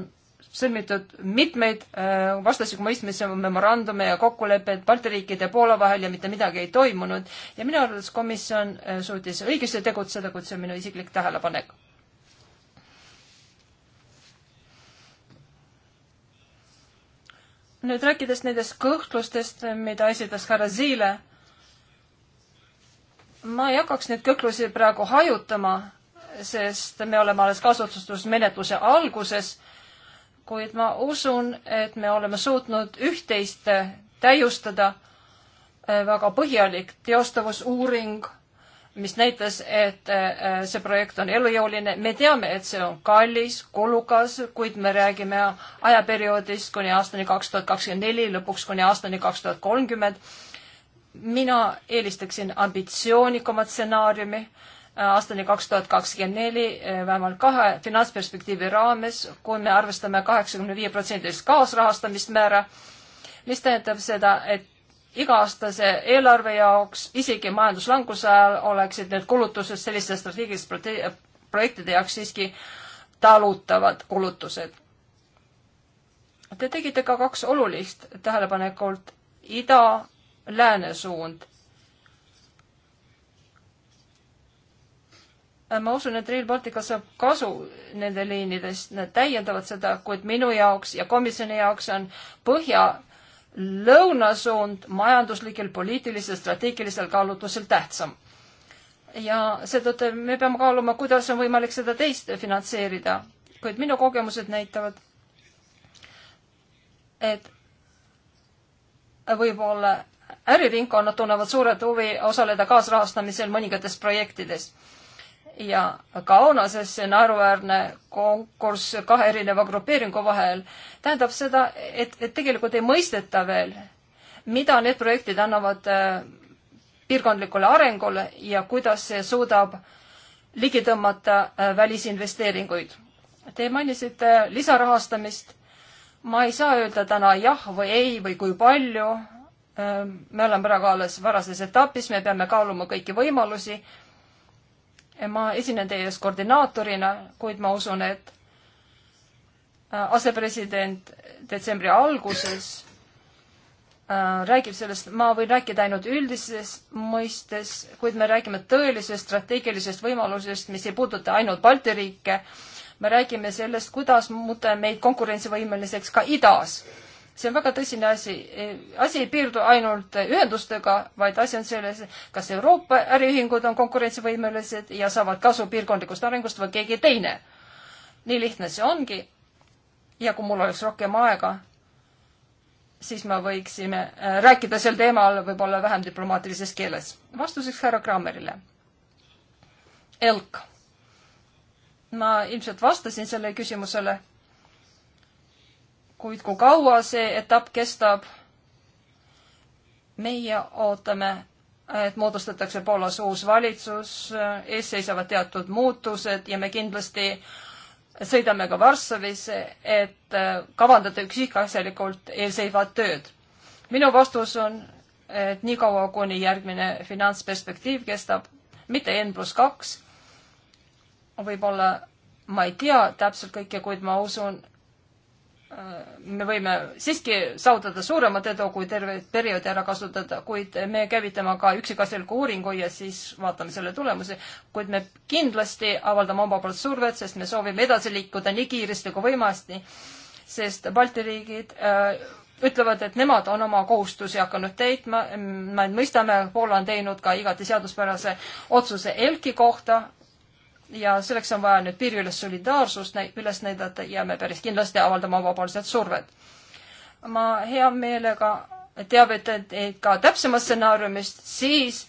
S1: sõlmitud mitmeid äh, vastastikku mõistmise memorandume ja kokkuleppeid Balti riikide ja Poola vahel ja mitte midagi ei toimunud ja minu arvates komisjon äh, suutis õigesti tegutseda, kuid see on minu isiklik tähelepanek nüüd rääkides nendest kõhklustest, mida esitas härra Ziile, ma ei hakkaks neid kõhklusi praegu hajutama, sest me oleme alles kasutusmenetluse alguses kuid ma usun, et me oleme suutnud üht-teist eh, täiustada. Eh, väga põhjalik teostavusuuring, mis näitas, et eh, see projekt on elujõuline. me teame, et see on kallis, kulukas, kuid me räägime ajaperioodist kuni aastani kaks tuhat kakskümmend neli, lõpuks kuni aastani kaks tuhat kolmkümmend mina eelistaksin ambitsioonikamat stsenaariumi aastani kaks tuhat kakskümmend neli eh, vähemalt kahe finantsperspektiivi raames, kui me arvestame kaheksakümne viie protsendilist kaasrahastamismäära, mis tähendab seda, et iga-aastase eelarve jaoks, isegi majanduslanguse ajal, oleksid need kulutused selliste strateegiliste projektide jaoks siiski talutavad kulutused. Te tegite ka kaks olulist tähelepanekut, ida-lääne suund Äh, ma usun, et Rail Baltica saab kasu nende liinidest, nad täiendavad seda, kuid minu jaoks ja komisjoni jaoks on põhja lõunasuund majanduslikel, poliitilisel, strateegilisel kaalutlusel tähtsam. ja seetõttu me peame kaaluma, kuidas on võimalik seda teist finantseerida, kuid minu kogemused näitavad, et võib-olla äriringkonnad tunnevad suuret huvi osaleda kaasrahastamisel mõningates projektides ja Kaunasesse see naeruväärne konkurss kahe erineva grupeeringu vahel tähendab seda, et, et tegelikult ei mõisteta veel, mida need projektid annavad äh, piirkondlikule arengule ja kuidas see suudab ligi tõmmata äh, välisinvesteeringuid. Te mainisite äh, lisarahastamist. ma ei saa öelda täna jah või ei või kui palju. me oleme praegu alles varases etapis, me peame kaaluma kõiki võimalusi ma esinen teie ees koordinaatorina, kuid ma usun, et äh, asepresident detsembri alguses äh, räägib sellest, ma võin rääkida ainult üldises mõistes, kuid me räägime tõelisest strateegilisest võimalusest, mis ei puuduta ainult Balti riike. me räägime sellest, kuidas muuta meid konkurentsivõimeliseks ka idas see on väga tõsine asi. E, asi ei piirdu ainult ühendustega, vaid asi on selles, kas Euroopa äriühingud on konkurentsivõimelised ja saavad kasu piirkondlikust arengust või keegi teine. nii lihtne see ongi. ja kui mul oleks rohkem aega, siis me võiksime e, rääkida sel teemal võib-olla vähem diplomaatilises keeles. vastuseks härra Krammerile. Elk. ma ilmselt vastasin sellele küsimusele kuid kui kaua see etapp kestab? meie ootame, et moodustatakse Poolas uus valitsus, ees seisavad teatud muutused ja me kindlasti sõidame ka Varssavisse, et äh, kavandada üksikasjalikult eelseisvat tööd. minu vastus on, et niikaua, kuni järgmine finantsperspektiiv kestab, mitte N pluss kaks, võib-olla ma ei tea täpselt kõike, kuid ma usun, me võime siiski saavutada suuremat edu, kui terve perioodi ära kasutada, kuid me käivitame ka üksikasjaliku uuringu ja siis vaatame selle tulemusi. kuid me kindlasti avaldame omapoolt survet, sest me soovime edasi liikuda nii kiiresti kui võimasti, sest Balti riigid äh, ütlevad, et nemad on oma kohustusi hakanud täitma. me mõistame, Poola on teinud ka igati seaduspärase otsuse ELK-i kohta, ja selleks on vaja nüüd piiriülest solidaarsust üles näidata ja me päris kindlasti avaldame omapoolset survet. ma hea meelega teavitan teid ka täpsemast stsenaariumist siis,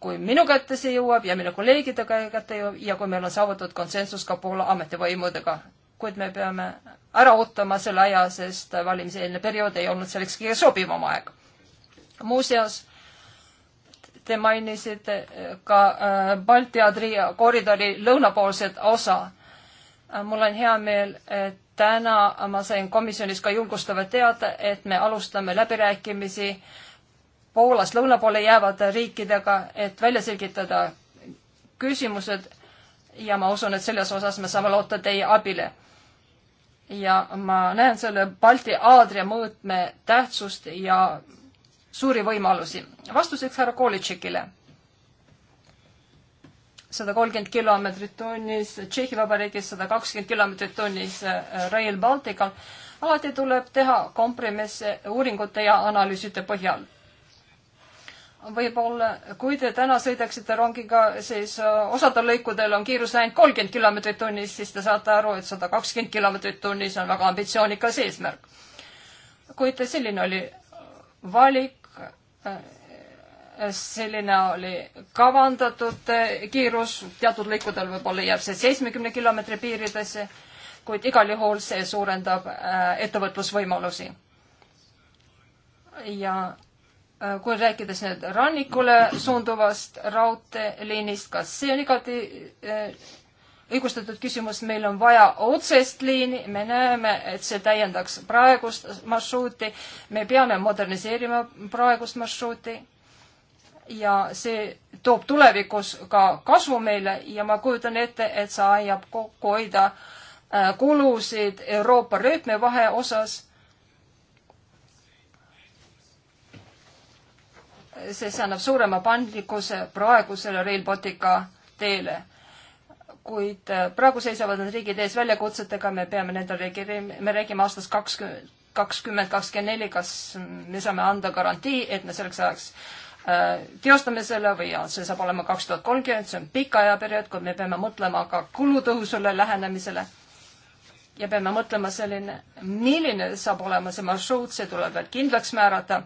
S1: kui minu kätte see jõuab ja minu kolleegide kätte jõuab ja kui meil on saavutatud konsensus ka Poola ametivõimudega. kuid me peame ära ootama selle aja, sest valimiseelne periood ei olnud selleks kõige sobivam aeg. muuseas Te mainisite eh, ka eh, Balti-Adria koridori lõunapoolset osa. Äh, mul on hea meel, et täna ma sain komisjonis ka julgustava teada, et me alustame läbirääkimisi Poolas lõuna poole jäävate riikidega, et välja selgitada küsimused ja ma usun, et selles osas me saame loota teie abile. ja ma näen selle Balti-Aadria mõõtme tähtsust ja suuri võimalusi. vastuseks härra Kolitšekile. sada kolmkümmend kilomeetrit tunnis Tšehhi Vabariigis, sada kakskümmend kilomeetrit tunnis äh, Rail Baltical. alati tuleb teha kompromisse uuringute ja analüüside põhjal. võib-olla, kui te täna sõidaksite rongiga, siis äh, osadel lõikudel on kiirus ainult kolmkümmend kilomeetrit tunnis, siis te saate aru, et sada kakskümmend kilomeetrit tunnis on väga ambitsioonikas eesmärk. kuid selline oli valik selline oli kavandatud kiirus, teatud lõikudel võib-olla jääb see seitsmekümne kilomeetri piiridesse, kuid igal juhul see suurendab äh, ettevõtlusvõimalusi. ja äh, kui rääkides nüüd rannikule suunduvast raudteeliinist, kas see on igati äh, õigustatud küsimus, meil on vaja otsest liini, me näeme, et see täiendaks praegust marsruuti, me peame moderniseerima praegust marsruuti ja see toob tulevikus ka kasu meile ja ma kujutan ette, et see aitab kokku hoida äh, kulusid Euroopa rööpmevahe osas. sest see annab suurema paindlikkuse praegusele Rail Baltica teele kuid äh, praegu seisavad need riigid ees väljakutsetega, me peame nendele reageerima, me räägime aastast kakskümmend, kakskümmend, kakskümmend neli, kas me saame anda garantii, et me selleks ajaks äh, teostame selle või on, see saab olema kaks tuhat kolmkümmend, see on pikk ajaperiood, kui me peame mõtlema ka kulutõhusale lähenemisele. ja peame mõtlema selline, milline saab olema see marsruut, see tuleb veel kindlaks määrata.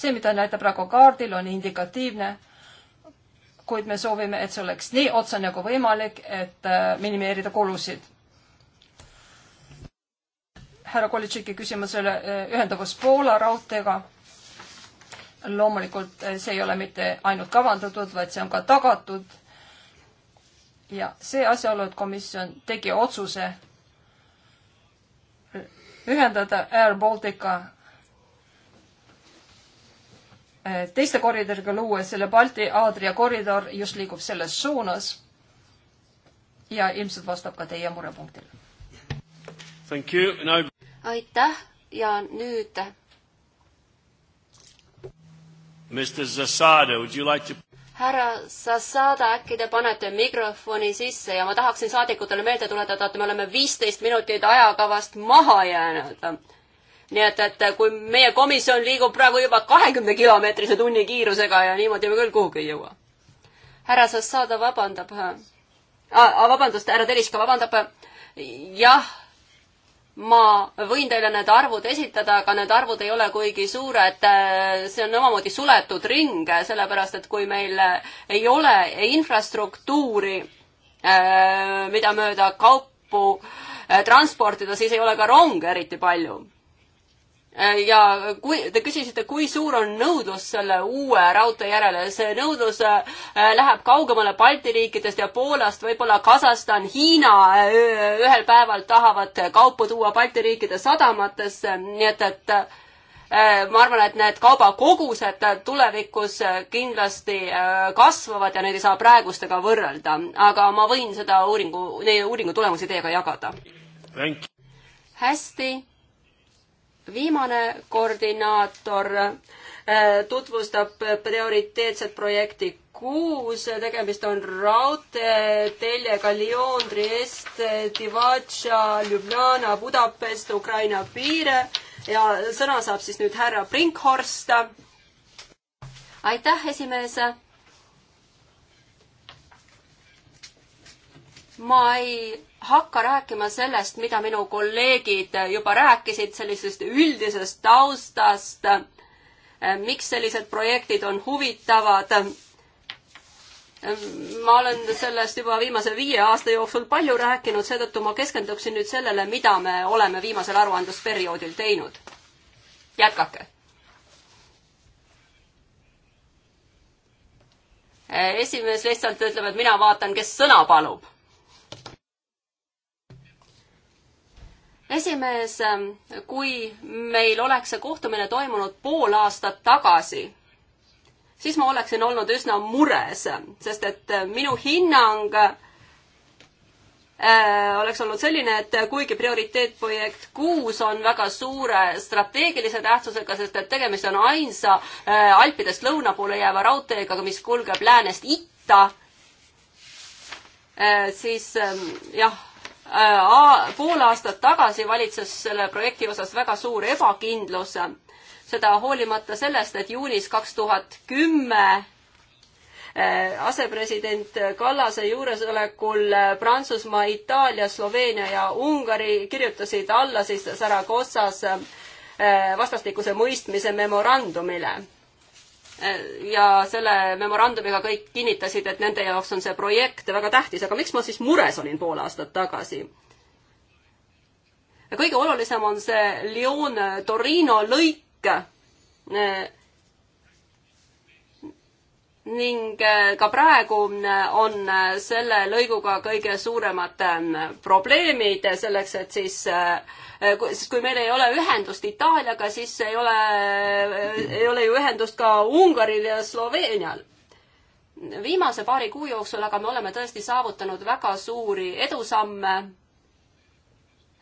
S1: see, mida näete praegu kaardil, on indikatiivne kuid me soovime, et see oleks nii otsene nagu kui võimalik, et äh, minimeerida kulusid. härra Kolitšiki küsimusele äh, ühendavus Poola raudteega. loomulikult äh, see ei ole mitte ainult kavandatud, vaid see on ka tagatud. ja see asjaolu, et komisjon tegi otsuse ühendada Air Baltica Eh, teiste koridoriga luua, selle Balti-Aadria koridor just liigub selles suunas ja ilmselt vastab ka teie murepunktile.
S2: I...
S1: aitäh ja nüüd. Like to...
S2: härra Zasada, äkki te panete mikrofoni sisse ja ma tahaksin saadikutele meelde tuletada, et me oleme viisteist minutit ajakavast maha jäänud nii et, et kui meie komisjon liigub praegu juba kahekümne kilomeetrise tunni kiirusega ja niimoodi me küll kuhugi ei jõua. härra Sassada vabandab ah, ah,. vabandust, härra Teliska vabandab. jah, ma võin teile need arvud esitada, aga need arvud ei ole kuigi suured. see on omamoodi suletud ring, sellepärast et kui meil ei ole infrastruktuuri, eh, mida mööda kaupu eh, transportida, siis ei ole ka ronge eriti palju Äh, ja kui te küsisite, kui suur on nõudlus selle uue raudtee järele, see nõudlus äh, läheb kaugemale Balti riikidest ja Poolast, võib-olla Kasahstan, Hiina äh, ühel päeval tahavad kaupu tuua Balti riikide sadamatesse, nii et, et ma arvan, et need kaubakogused tulevikus kindlasti kasvavad ja neid ei saa praegustega võrrelda, aga ma võin seda uuringu, neid uuringu tulemusi teiega jagada. hästi viimane koordinaator äh, tutvustab prioriteetset projekti kuus, tegemist on raudteeteljega Lyon, Trieste, Divatša, Ljubljana, Budapest, Ukraina piire ja sõna saab siis nüüd härra Brinkhorst. aitäh, esimees. ma ei hakka rääkima sellest, mida minu kolleegid juba rääkisid, sellisest üldisest taustast, eh, miks sellised projektid on huvitavad. Eh, ma olen sellest juba viimase viie aasta jooksul palju rääkinud, seetõttu ma keskenduksin nüüd sellele, mida me oleme viimasel aruandlusperioodil teinud. jätkake eh, esimees lihtsalt ütleb, et mina vaatan, kes sõna palub. esimees, ähm, kui meil oleks see kohtumine toimunud pool aastat tagasi, siis ma oleksin olnud üsna mures, sest et äh, minu hinnang äh, oleks olnud selline, et äh, kuigi prioriteetprojekt kuus on väga suure strateegilise tähtsusega, sest et tegemist on ainsa Alpidest lõuna poole jääva raudteega, mis kulgeb läänest itta, siis ähm, jah Äh, pool aastat tagasi valitses selle projekti osas väga suur ebakindlus, seda hoolimata sellest, et juunis kaks tuhat kümme äh, asepresident Kallase juuresolekul äh, Prantsusmaa, Itaalia, Sloveenia ja Ungari kirjutasid alla siis Saragossas vastastikuse mõistmise memorandumile ja selle memorandumiga kõik kinnitasid, et nende jaoks on see projekt väga tähtis, aga miks ma siis mures olin pool aastat tagasi? kõige olulisem on see Lyon-Torino lõik ning äh, ka praegu äh, on äh, selle lõiguga kõige suuremad ähm, probleemid selleks, et siis, sest kui meil ei ole ühendust Itaaliaga, siis ei ole, ei ole ju ühendust ka Ungaril ja Sloveenial. viimase paari kuu jooksul aga me oleme tõesti saavutanud väga suuri edusamme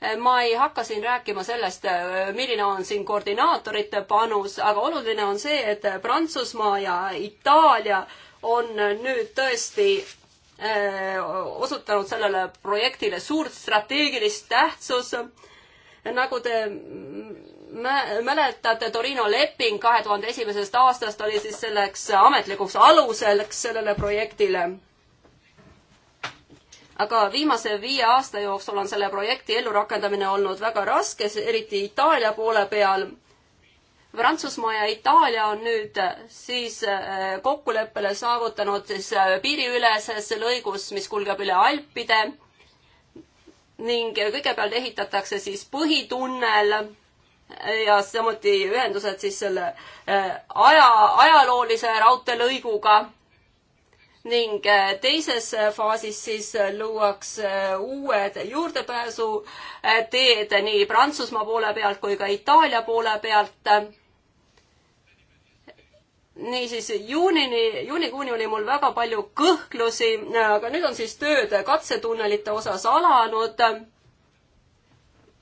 S2: Äh, ma ei hakka siin rääkima sellest, äh, milline on siin koordinaatorite panus, aga oluline on see, et Prantsusmaa ja Itaalia on nüüd tõesti äh, osutanud sellele projektile suurt strateegilist tähtsust. nagu te mäletate, Torino leping kahe tuhande esimesest aastast oli siis selleks ametlikuks aluseks sellele projektile aga viimase viie aasta jooksul on selle projekti ellurakendamine olnud väga raske, eriti Itaalia poole peal. Prantsusmaa ja Itaalia on nüüd siis äh, kokkuleppele saavutanud siis äh, piiriüleses lõigus, mis kulgeb üle Alpide ning kõigepealt ehitatakse siis põhitunnel ja samuti ühendused siis selle äh, aja, ajaloolise raudteelõiguga ning äh, teises äh, faasis siis äh, luuakse uued juurdepääsuteed nii Prantsusmaa poole pealt kui ka Itaalia poole pealt. niisiis juunini, juunikuuni oli mul väga palju kõhklusi, aga nüüd on siis tööd katsetunnelite osas alanud.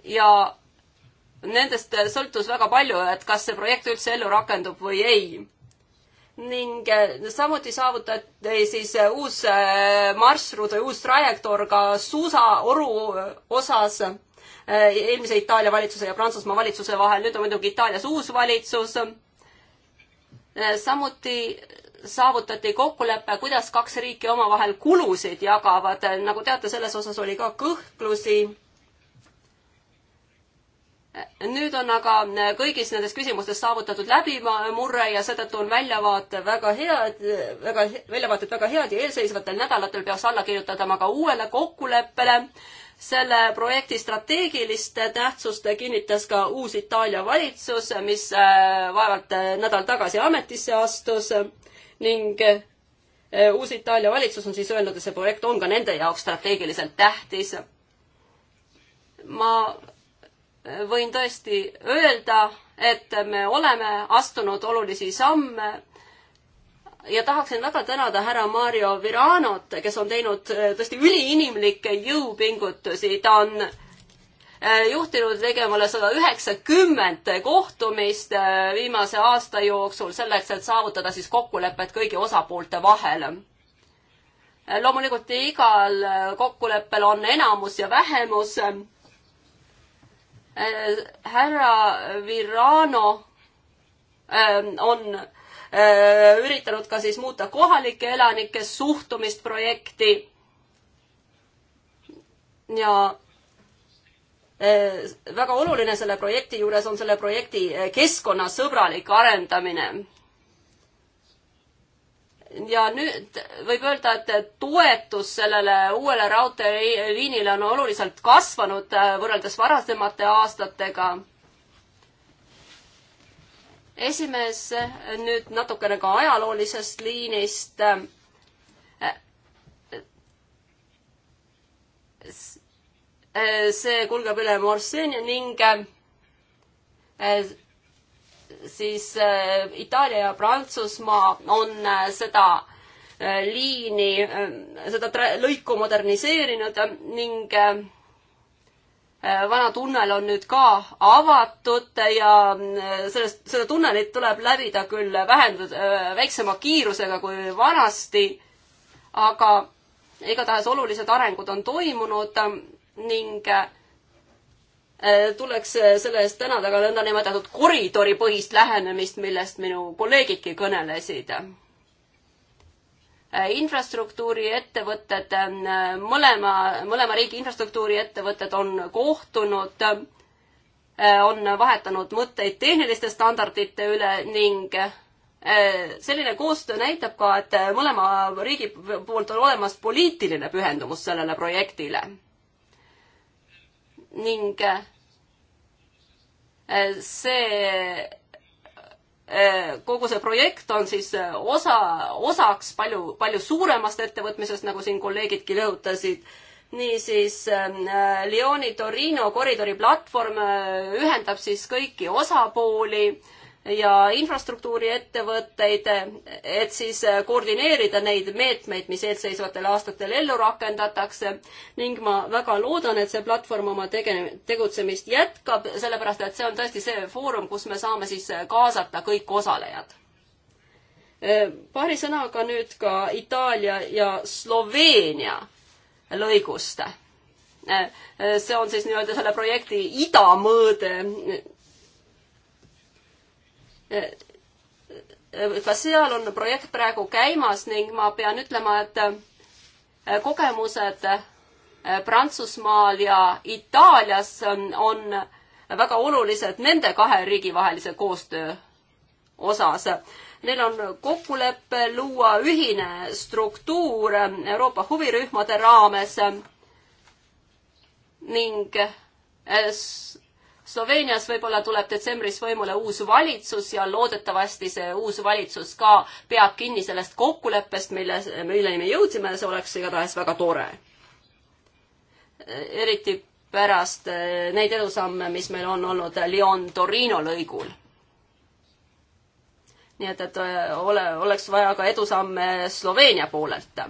S2: ja nendest sõltus väga palju, et kas see projekt üldse ellu rakendub või ei ning eh, samuti saavutati siis eh, uus eh, marsruut või uus trajektoor ka suusaoru osas eelmise Itaalia valitsuse ja Prantsusmaa valitsuse vahel, nüüd on muidugi Itaalias uus valitsus. samuti saavutati kokkulepe, kuidas kaks riiki omavahel kulusid jagavad, nagu teate, selles osas oli ka kõhklusi nüüd on aga äh, kõigis nendes küsimustes saavutatud läbimurre ja seetõttu on väljavaate väga head, väga, väljavaated väga head ja eelseisvatel nädalatel peaks alla kirjutatama ka uuele kokkuleppele. selle projekti strateegilist tähtsust kinnitas ka uus Itaalia valitsus, mis äh, vaevalt äh, nädal tagasi ametisse astus ning uus Itaalia valitsus on siis öelnud, et see projekt on ka nende jaoks strateegiliselt tähtis ma võin tõesti öelda, et me oleme astunud olulisi samme ja tahaksin väga tänada härra Mario Viranot, kes on teinud äh, tõesti üliinimlikke jõupingutusi, ta on äh, juhtinud ligemale sada üheksakümmend kohtumist äh, viimase aasta jooksul selleks, et saavutada siis kokkulepet kõigi osapoolte vahel loomulikult igal kokkuleppel on enamus ja vähemus Eh, härra Virano ehm, on eh, üritanud ka siis muuta kohalike elanike suhtumist projekti. ja eh, väga oluline selle projekti juures on selle projekti keskkonnasõbralik arendamine ja nüüd võib öelda, et toetus sellele uuele raudteeliinile on oluliselt kasvanud äh, võrreldes varasemate aastatega. esimees nüüd natukene ka ajaloolisest liinist. Äh, see kulgeb üle Morseni ning äh, siis äh, Itaalia ja Prantsusmaa on äh, seda äh, liini, seda lõiku moderniseerinud ning vana tunnel on nüüd ka avatud ja sellest, seda tunnelit tuleb läbida küll vähendatud, väiksema kiirusega kui vanasti, aga igatahes olulised arengud on toimunud ning äh, Äh, tuleks äh, selle eest tänada ka nõndanimetatud koridoripõhist lähenemist, millest minu kolleegidki kõnelesid. Äh, infrastruktuuriettevõtted, mõlema, mõlema riigi infrastruktuuriettevõtted on kohtunud, on vahetanud mõtteid tehniliste standardite üle ning selline koostöö näitab ka, et mõlema riigi poolt on olemas poliitiline pühendumus sellele projektile ning Äh, see äh, kogu see projekt on siis äh, osa, osaks palju, palju suuremast ettevõtmisest, nagu siin kolleegidki rõhutasid. niisiis ähm, äh, Lyoni-Torino koridori platvorm ühendab siis kõiki osapooli äh, ja infrastruktuuriettevõtteid, et siis koordineerida neid meetmeid, mis eelseisvatel aastatel ellu rakendatakse ning ma väga loodan, et see platvorm oma tege-, tegutsemist jätkab, sellepärast et see on tõesti see foorum, kus me saame siis kaasata kõik osalejad. paari sõnaga nüüd ka Itaalia ja Sloveenia lõigust see on siis nii-öelda selle projekti idamõõde ka seal on projekt praegu käimas ning ma pean ütlema, et eh, kogemused eh, Prantsusmaal ja Itaalias on, eh, on väga olulised nende kahe riigi vahelise koostöö osas. Neil on kokkulepe luua ühine struktuur Euroopa huvirühmade raames ning Sloveenias võib-olla tuleb detsembris võimule uus valitsus ja loodetavasti see uus valitsus ka peab kinni sellest kokkuleppest, mille, milleni me jõudsime, see oleks igatahes väga tore. eriti pärast eh, neid edusamme, mis meil on olnud Lyon-Torino lõigul. nii et, et eh, ole, oleks vaja ka edusamme Sloveenia poolelt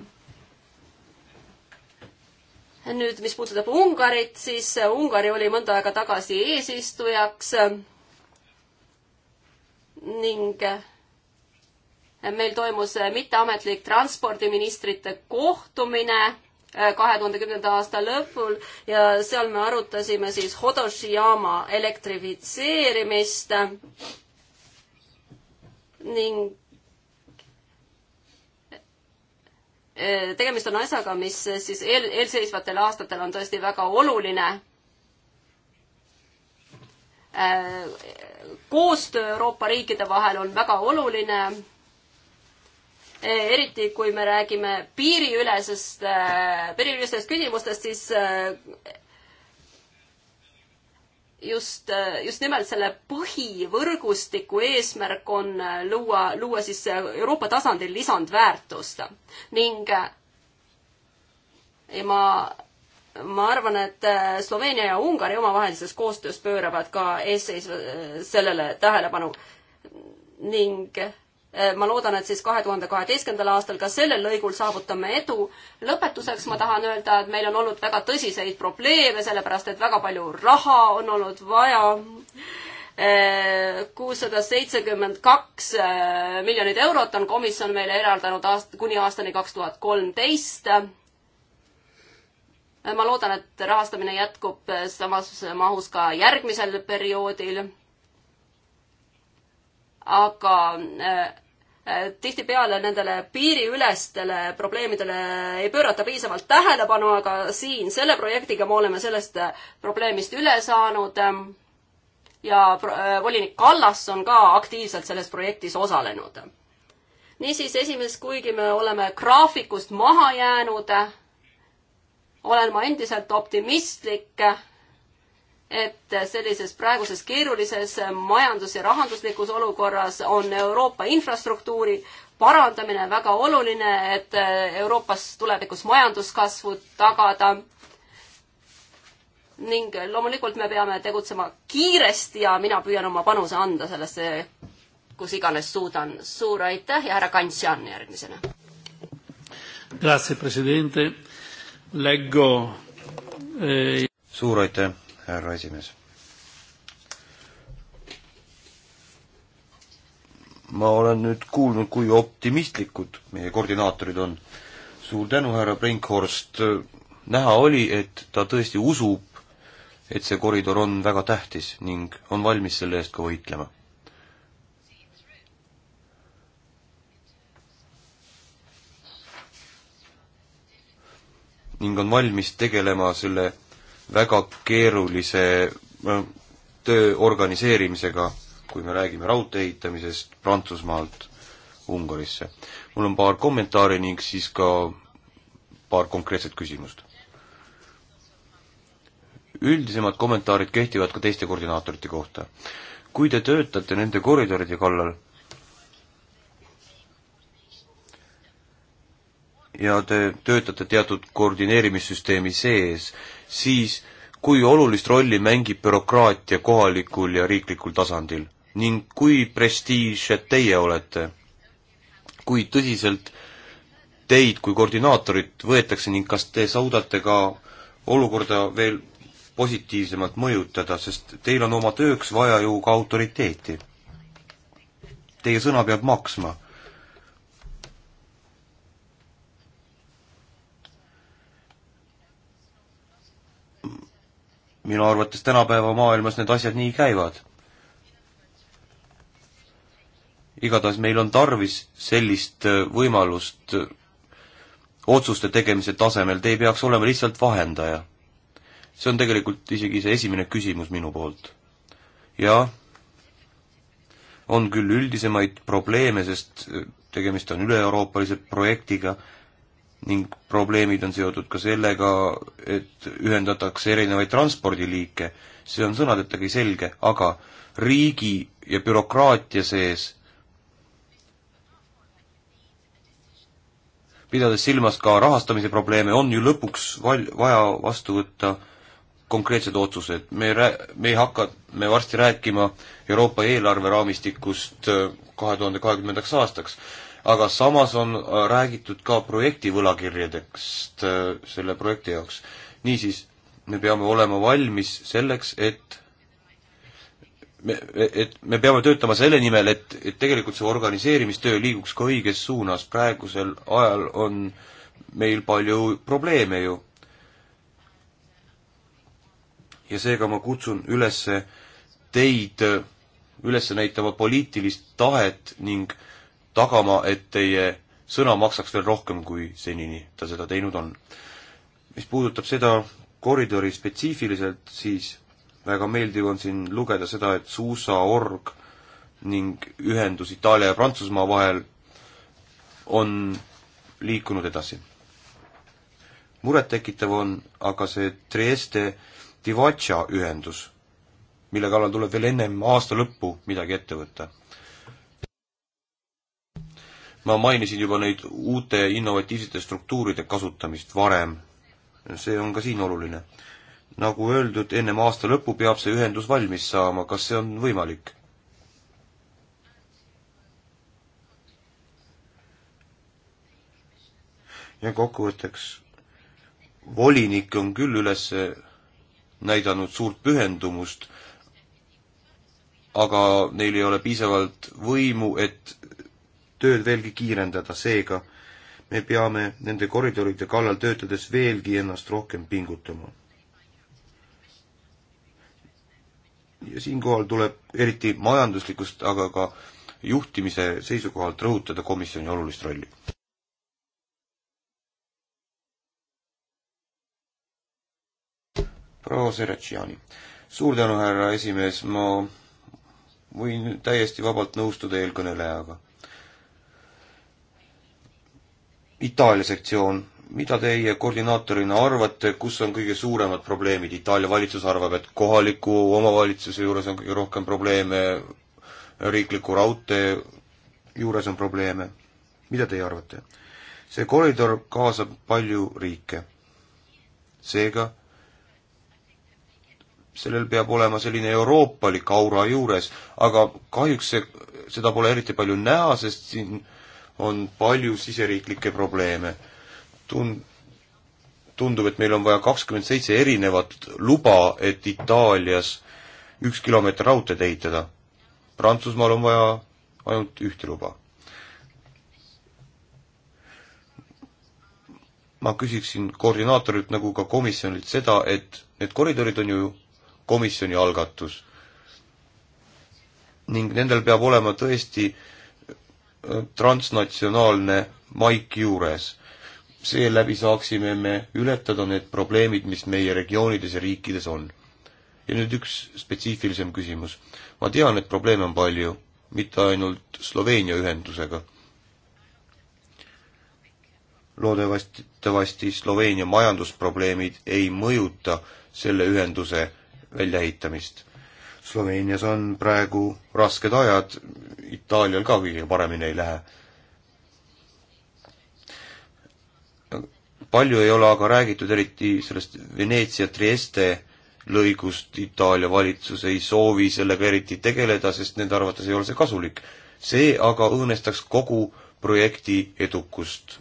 S2: nüüd, mis puudutab Ungarit, siis Ungari oli mõnda aega tagasi eesistujaks ning meil toimus mitteametlik transpordiministrite kohtumine eh, kahe tuhande kümnenda aasta lõpul ja seal me arutasime siis Hodoshiyama elektrifitseerimist ning Äh, tegemist on asjaga, mis äh, siis eel, eelseisvatel aastatel on tõesti väga oluline. Äh, koostöö Euroopa riikide vahel on väga oluline. eriti kui me räägime piiriülesest, piiriülestest küsimustest, siis just, just nimelt selle põhivõrgustiku eesmärk on luua, luua siis Euroopa tasandil lisandväärtust ning ja ma, ma arvan, et Sloveenia ja Ungari omavahelises koostöös pööravad ka eesseisva sellele tähelepanu ning Äh, ma loodan, et siis kahe tuhande kaheteistkümnendal aastal ka sellel lõigul saavutame edu. lõpetuseks ma tahan öelda, et meil on olnud väga tõsiseid probleeme, sellepärast et väga palju raha on olnud vaja. Äh, kuussada seitsekümmend kaks äh, miljonit eurot on komisjon meile eraldanud aast-, kuni aastani kaks tuhat kolmteist ma loodan, et rahastamine jätkub samas mahus ka järgmisel perioodil aga äh, äh, tihtipeale nendele piiriülestele probleemidele ei pöörata piisavalt tähelepanu, aga siin selle projektiga me oleme sellest äh, probleemist üle saanud. Ähm, ja volinik Kallas on ka aktiivselt selles projektis osalenud. niisiis, esimeses, kuigi me oleme graafikust maha jäänud, olen ma endiselt optimistlik et sellises praeguses keerulises majandus- ja rahanduslikus olukorras on Euroopa infrastruktuuri parandamine väga oluline, et Euroopas tulevikus majanduskasvu tagada. ning loomulikult me peame tegutsema kiiresti ja mina püüan oma panuse anda sellesse, kus iganes suudan. suur aitäh ja härra Kantsjan järgmisena.
S3: Grazie, president. Leggo eh.... suur aitäh härra esimees. ma olen nüüd kuulnud, kui optimistlikud meie koordinaatorid on. suur tänu, härra Brinkhorst, näha oli, et ta tõesti usub, et see koridor on väga tähtis ning on valmis selle eest ka võitlema ning on valmis tegelema selle väga keerulise äh, töö organiseerimisega, kui me räägime raudtee ehitamisest Prantsusmaalt Ungarisse. mul on paar kommentaari ning siis ka paar konkreetset küsimust. üldisemad kommentaarid kehtivad ka teiste koordinaatorite kohta. kui te töötate nende koridoride kallal, ja te töötate teatud koordineerimissüsteemi sees, siis kui olulist rolli mängib bürokraatia kohalikul ja riiklikul tasandil ning kui prestiižsed teie olete? kui tõsiselt teid kui koordinaatorit võetakse ning kas te suudate ka olukorda veel positiivsemalt mõjutada, sest teil on oma tööks vaja ju ka autoriteeti. Teie sõna peab maksma minu arvates tänapäeva maailmas need asjad nii käivad. igatahes meil on tarvis sellist äh, võimalust äh, otsuste tegemise tasemel, te ei peaks olema lihtsalt vahendaja. see on tegelikult isegi see esimene küsimus minu poolt. jah, on küll üldisemaid probleeme, sest äh, tegemist on üle-euroopalise projektiga ning probleemid on seotud ka sellega, et ühendatakse erinevaid transpordiliike. see on sõnadetagi selge, aga riigi ja bürokraatia sees, pidades silmas ka rahastamise probleeme, on ju lõpuks val-, vaja vastu võtta konkreetsed otsused. me rää-, me hakkame varsti rääkima Euroopa eelarveraamistikust äh, kahe tuhande kahekümnendaks aastaks aga samas on äh, räägitud ka projekti võlakirjadest äh, selle projekti jaoks. niisiis, me peame olema valmis selleks, et me, et me peame töötama selle nimel, et, et tegelikult see organiseerimistöö liiguks ka õiges suunas, praegusel ajal on meil palju probleeme ju. ja seega ma kutsun üles teid üles näitama poliitilist tahet ning äh, tagama, et teie sõna maksaks veel rohkem, kui senini ta seda teinud on. mis puudutab seda koridori spetsiifiliselt, siis väga meeldiv on siin lugeda seda, et suusaorg ning ühendus Itaalia ja Prantsusmaa vahel on liikunud edasi. murettekitav on aga see Trieste Divacia ühendus, mille kallal tuleb veel ennem aasta lõppu midagi ette võtta ma mainisin juba neid uute innovatiivsete struktuuride kasutamist varem. see on ka siin oluline. nagu öeldud, ennem aasta lõppu peab see ühendus valmis saama, kas see on võimalik? ja kokkuvõtteks, volinik on küll üles näidanud suurt pühendumust, aga neil ei ole piisavalt võimu, et tööd veelgi kiirendada, seega me peame nende koridoride kallal töötades veelgi ennast rohkem pingutama. ja siinkohal tuleb eriti majanduslikust, aga ka juhtimise seisukohalt rõhutada komisjoni olulist rolli. proua Seretšiani, suur tänu, härra esimees, ma võin täiesti vabalt nõustuda eelkõnelejaga Itaalia sektsioon, mida teie koordinaatorina arvate, kus on kõige suuremad probleemid? Itaalia valitsus arvab, et kohaliku omavalitsuse juures on kõige rohkem probleeme, riikliku raudtee juures on probleeme. mida teie arvate? see koridor kaasab palju riike. seega sellel peab olema selline euroopalik aura juures, aga kahjuks see, seda pole eriti palju näha, sest siin äh, on palju siseriiklikke probleeme. Tun-, tundub, et meil on vaja kakskümmend seitse erinevat luba, et Itaalias üks kilomeeter raudteed ehitada. Prantsusmaal on vaja ainult ühte luba. ma küsiksin koordinaatorilt nagu ka komisjonilt seda, et need koridorid on ju komisjoni algatus ning nendel peab olema tõesti äh, transnatsionaalne maik juures. seeläbi saaksime me ületada need probleemid, mis meie regioonides ja riikides on. ja nüüd üks spetsiifilisem küsimus. ma tean, et probleeme on palju, mitte ainult Sloveenia ühendusega. loodetavasti Sloveenia majandusprobleemid ei mõjuta selle ühenduse väljaehitamist Sloveenias on praegu rasked ajad, Itaalial ka kõige paremini ei lähe. palju ei ole aga räägitud eriti sellest Veneetsia-Trieste lõigust, Itaalia valitsus ei soovi sellega eriti tegeleda, sest nende arvates ei ole see kasulik. see aga õõnestaks kogu projekti edukust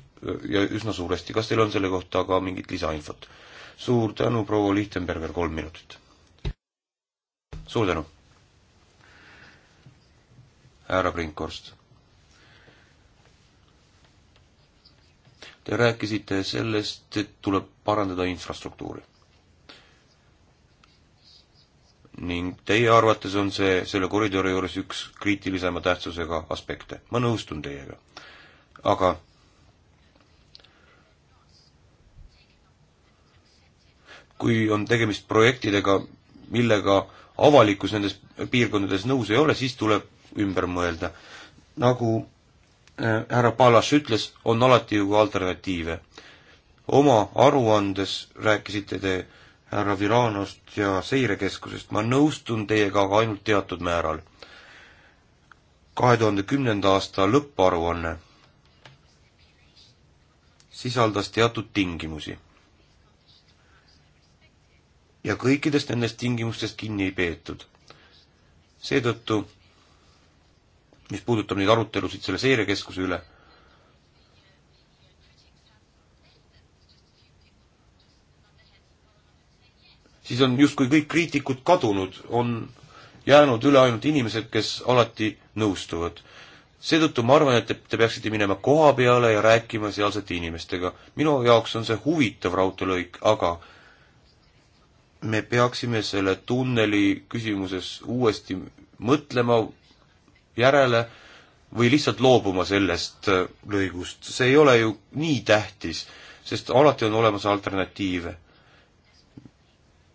S3: ja üsna suuresti. kas teil on selle kohta ka mingit lisainfot? suur tänu, proua Lichtenberger, kolm minutit suur tänu! härra Brinkhorst. Te rääkisite sellest, et tuleb parandada infrastruktuuri. ning teie arvates on see selle koridori juures üks kriitilisema tähtsusega aspekte. ma nõustun teiega. aga kui on tegemist projektidega, millega avalikkus nendes piirkondades nõus ei ole, siis tuleb ümber mõelda. nagu äh, härra Palas ütles, on alati ju alternatiive. oma aruandes rääkisite te härra Viranost ja seirekeskusest, ma nõustun teiega, aga ainult teatud määral. kahe tuhande kümnenda aasta lõpparuanne sisaldas teatud tingimusi ja kõikidest nendest tingimustest kinni ei peetud. seetõttu, mis puudutab neid arutelusid selle seirekeskuse üle, siis on justkui kõik kriitikud kadunud, on jäänud üle ainult inimesed, kes alati nõustuvad. seetõttu ma arvan, et te, te peaksite minema koha peale ja rääkima sealsete inimestega. minu jaoks on see huvitav raudteelõik, aga me peaksime selle tunneli küsimuses uuesti mõtlema järele või lihtsalt loobuma sellest äh, lõigust. see ei ole ju nii tähtis, sest alati on olemas alternatiive.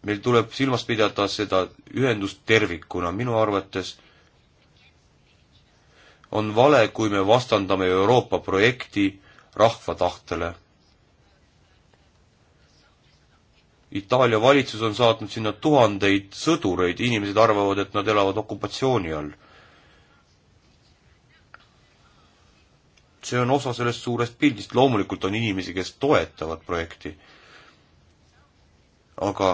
S3: meil tuleb silmas pidada seda ühendust tervikuna, minu arvates on vale, kui me vastandame Euroopa projekti rahva tahtele Itaalia valitsus on saatnud sinna tuhandeid sõdureid, inimesed arvavad, et nad elavad okupatsiooni all. see on osa sellest suurest pildist, loomulikult on inimesi, kes toetavad projekti. aga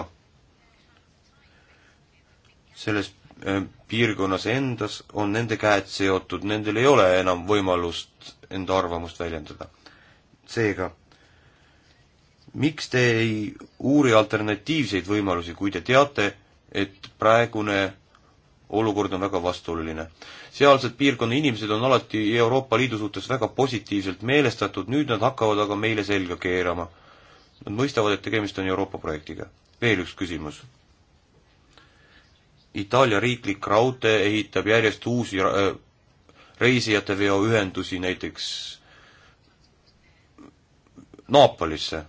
S3: selles äh, piirkonnas endas on nende käed seotud, nendel ei ole enam võimalust enda arvamust väljendada. seega miks te ei uuri alternatiivseid võimalusi, kui te teate, et praegune olukord on väga vastuoluline. sealsed piirkonna inimesed on alati Euroopa Liidu suhtes väga positiivselt meelestatud, nüüd nad hakkavad aga meile selga keerama. Nad mõistavad, et tegemist on Euroopa projektiga. veel üks küsimus. Itaalia riiklik raudtee ehitab järjest uusi äh, reisijateveoühendusi näiteks Naapolisse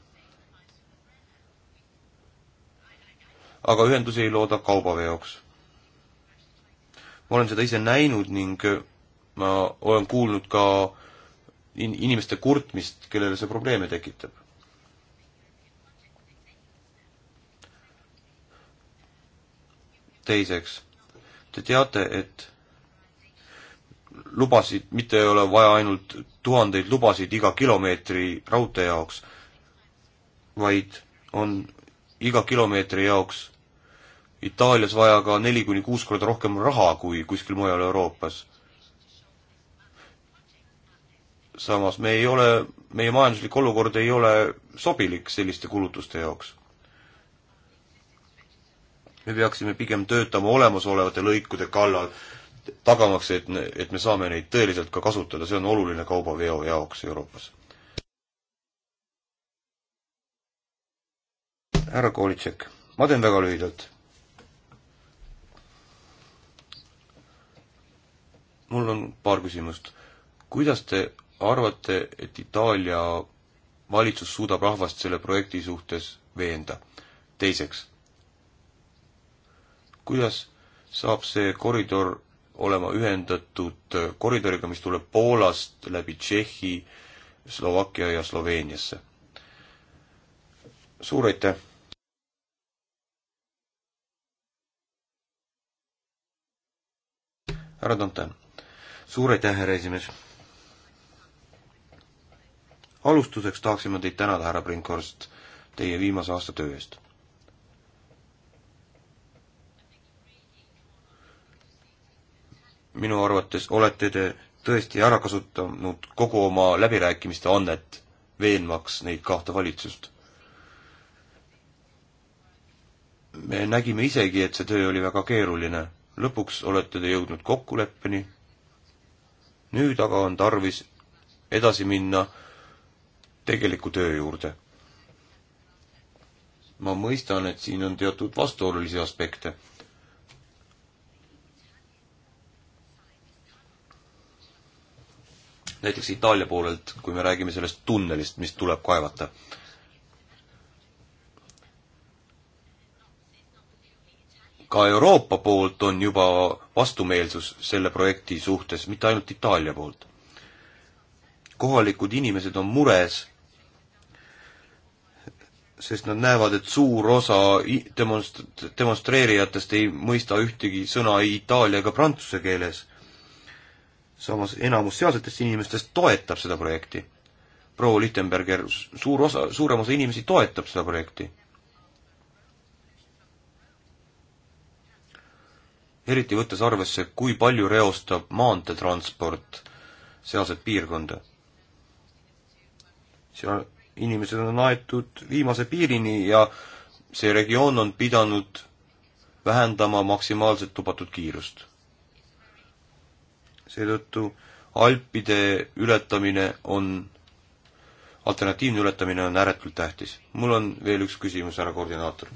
S3: aga ühendusi ei looda kaubaveoks. ma olen seda ise näinud ning äh, ma olen kuulnud ka in-, inimeste kurtmist, kellele see probleeme tekitab. teiseks, te teate, et lubasid, mitte ei ole vaja ainult tuhandeid lubasid iga kilomeetri raudtee jaoks, vaid on iga kilomeetri jaoks Itaalias vaja ka neli kuni kuus korda rohkem raha kui kuskil mujal Euroopas. samas me ei ole, meie majanduslik olukord ei ole sobilik selliste kulutuste jaoks. me peaksime pigem töötama olemasolevate lõikude kallal, tagamaks, et, et me saame neid tõeliselt ka kasutada, see on oluline kaubaveo jaoks Euroopas. härra Kolitšek, ma teen väga lühidalt mul on paar küsimust. kuidas te arvate, et Itaalia valitsus suudab rahvast selle projekti suhtes veenda? teiseks, kuidas saab see koridor olema ühendatud koridoriga, mis tuleb Poolast läbi Tšehhi, Slovakkia ja Sloveeniasse? suur aitäh! härra Danten suur aitäh, härra esimees! alustuseks tahaksime teid tänada, härra Brinkhorst, teie viimase aasta töö eest. minu arvates olete te tõesti ära kasutanud kogu oma läbirääkimiste annet, veenmaks neid kahte valitsust. me nägime isegi, et see töö oli väga keeruline. lõpuks olete te jõudnud kokkuleppeni nüüd aga on tarvis edasi minna tegeliku töö juurde. ma mõistan, et siin on teatud vastuolulisi aspekte. näiteks Itaalia poolelt, kui me räägime sellest tunnelist, mis tuleb kaevata ka Euroopa poolt on juba vastumeelsus selle projekti suhtes, mitte ainult Itaalia poolt. kohalikud inimesed on mures, sest nad näevad, et suur osa demonst-, demonstreerijatest ei mõista ühtegi sõna ei itaalia ega prantsuse keeles. samas enamus sealsetest inimestest toetab seda projekti. proua Lichtenberger, suur osa, suurem osa inimesi toetab seda projekti eriti võttes arvesse, kui palju reostab maanteetransport sealset piirkonda. seal inimesed on aetud viimase piirini ja see regioon on pidanud vähendama maksimaalselt lubatud kiirust. seetõttu alpide ületamine on, alternatiivne ületamine on ääretult tähtis. mul on veel üks küsimus, härra koordinaator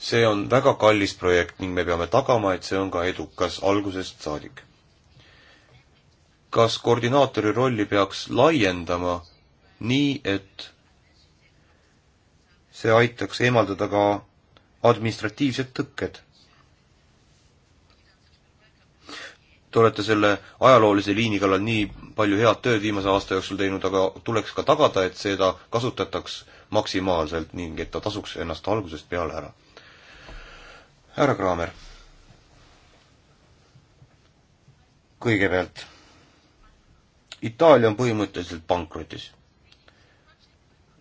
S3: see on väga kallis projekt ning me peame tagama, et see on ka edukas algusest saadik. kas koordinaatori rolli peaks laiendama nii, et see aitaks eemaldada ka administratiivsed tõkked? Te olete selle ajaloolise liini kallal nii palju head tööd viimase aasta jooksul teinud, aga tuleks ka tagada, et seda kasutataks maksimaalselt ning et ta tasuks ennast algusest peale ära härra Kraamer. kõigepealt, Itaalia on põhimõtteliselt pankrotis.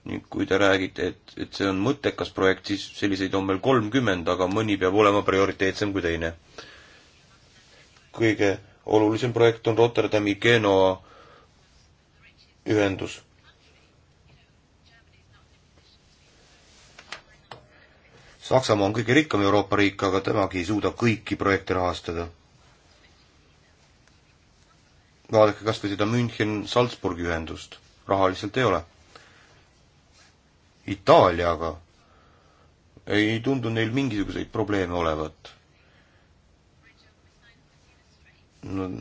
S3: nüüd, kui te räägite, et, et see on mõttekas projekt, siis selliseid on meil kolmkümmend, aga mõni peab olema prioriteetsem kui teine. kõige olulisem projekt on Rotterdami Genoa ühendus Saksamaa on kõige rikkam Euroopa riik, aga temagi ei suuda kõiki projekte rahastada. vaadake kas või seda München-Salzburgi ühendust, rahaliselt ei ole. Itaaliaga ei tundu neil mingisuguseid probleeme olevat.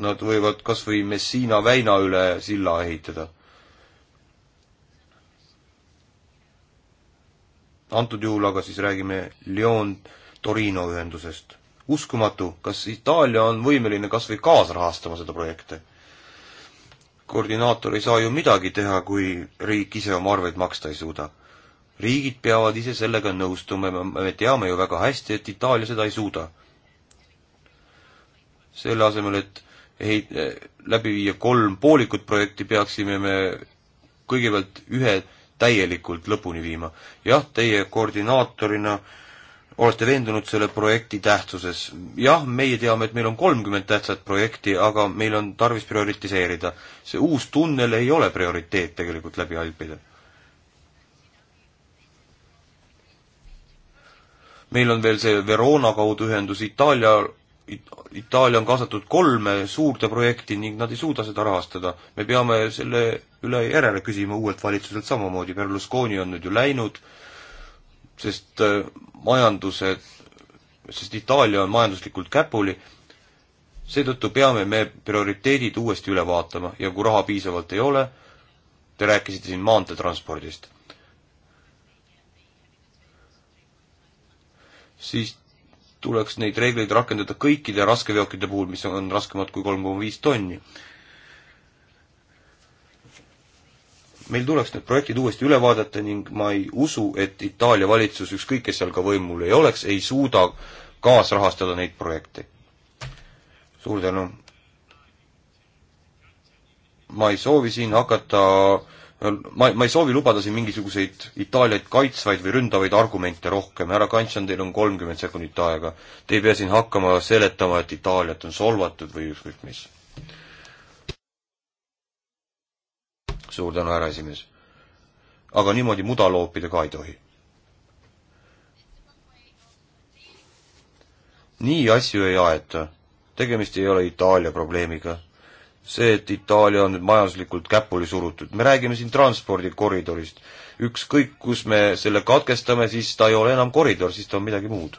S3: Nad võivad kas või Messina väina üle silla ehitada antud juhul aga siis räägime Lyon-Torino ühendusest. uskumatu, kas Itaalia on võimeline kas või kaasrahastama seda projekte? koordinaator ei saa ju midagi teha, kui riik ise oma arveid maksta ei suuda. riigid peavad ise sellega nõustuma, me teame ju väga hästi, et Itaalia seda ei suuda. selle asemel, et ehit-, läbi viia kolm poolikut projekti, peaksime me kõigepealt ühe täielikult lõpuni viima. jah, teie koordinaatorina olete veendunud selle projekti tähtsuses. jah, meie teame, et meil on kolmkümmend tähtsat projekti, aga meil on tarvis prioritiseerida. see uus tunnel ei ole prioriteet tegelikult läbi Alpide. meil on veel see Verona kaudu ühendus Itaalia Itaalia on kaasatud kolme suurte projekti ning nad ei suuda seda rahastada. me peame selle üle järele küsima uuelt valitsuselt samamoodi, Berlusconi on nüüd ju läinud, sest äh, majanduse, sest Itaalia on majanduslikult käpuli, seetõttu peame me prioriteedid uuesti üle vaatama ja kui raha piisavalt ei ole, te rääkisite siin maanteetranspordist, siis tuleks neid reegleid rakendada kõikide raskeveokite puhul, mis on raskemad kui kolm koma viis tonni. meil tuleks need projektid uuesti üle vaadata ning ma ei usu, et Itaalia valitsus, ükskõik kes seal ka võimul ei oleks, ei suuda kaasrahastada neid projekte. suur tänu. ma ei soovi siin hakata äh, Äh, ma, ma ei soovi lubada siin mingisuguseid Itaaliat kaitsvaid või ründavaid argumente rohkem, härra Kantsan, teil on kolmkümmend sekundit aega. Te ei pea siin hakkama seletama, et Itaaliat on solvatud või ükskõik mis. suur tänu, härra esimees. aga niimoodi muda loopida ka ei tohi. nii asju ei aeta. tegemist ei ole Itaalia probleemiga see, et Itaalia on nüüd majanduslikult käpuli surutud, me räägime siin transpordikoridorist. ükskõik, kus me selle katkestame, siis ta ei ole enam koridor, siis ta on midagi muud.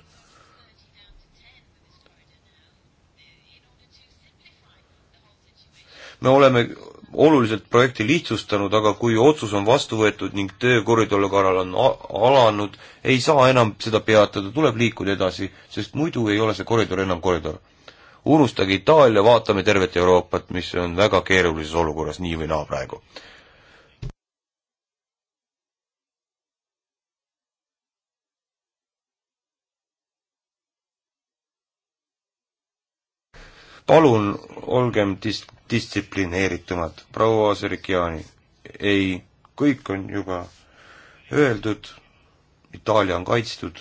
S3: me oleme oluliselt projekti lihtsustanud, aga kui otsus on vastu võetud ning töö koridori korral on alanud, ei saa enam seda peatada, tuleb liikuda edasi, sest muidu ei ole see koridor enam koridor unustage Itaalia, vaatame tervet Euroopat, mis on väga keerulises olukorras nii või naa praegu. palun olgem dis-, distsiplineeritumad, proua Serikiani. ei, kõik on juba öeldud, Itaalia on kaitstud,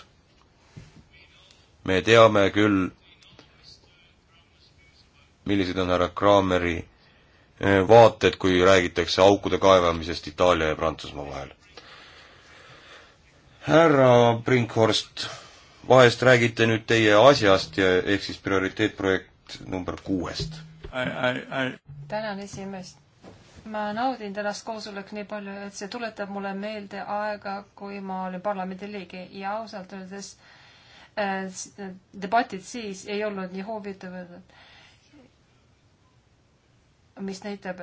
S3: me teame küll, millised on härra Krahmeri eh, vaated, kui räägitakse aukude kaevamisest Itaalia ja Prantsusmaa vahel? härra Brinkhorst, vahest räägite nüüd teie asjast ja ehk siis prioriteetprojekt number kuuest.
S1: tänan esimees. ma naudin tänast koosolekut nii palju, et see tuletab mulle meelde aega, kui ma olin parlamendi liige ja ausalt öeldes äh, debatid siis ei olnud nii huvitavad äh, mis näitab,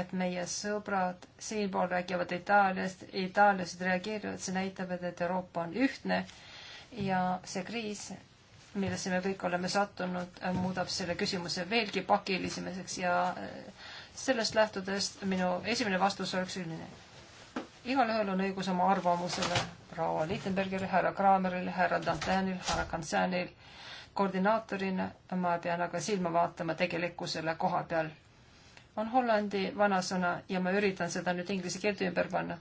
S1: et meie sõbrad siinpool räägivad Itaaliast, itaallased reageerivad, see näitab, et Euroopa on ühtne ja see kriis, millesse me kõik oleme sattunud, muudab selle küsimuse veelgi pakilisemaks ja äh, sellest lähtudes minu esimene vastus oleks selline. igalühel on õigus oma arvamusele, proua Lichtenbergil, härra Krameril, härra Dantanil, härra Kansanil. koordinaatorina ma pean aga silma vaatama tegelikkusele koha peal on hollandi vanasõna ja ma üritan seda nüüd inglise keelde ümber panna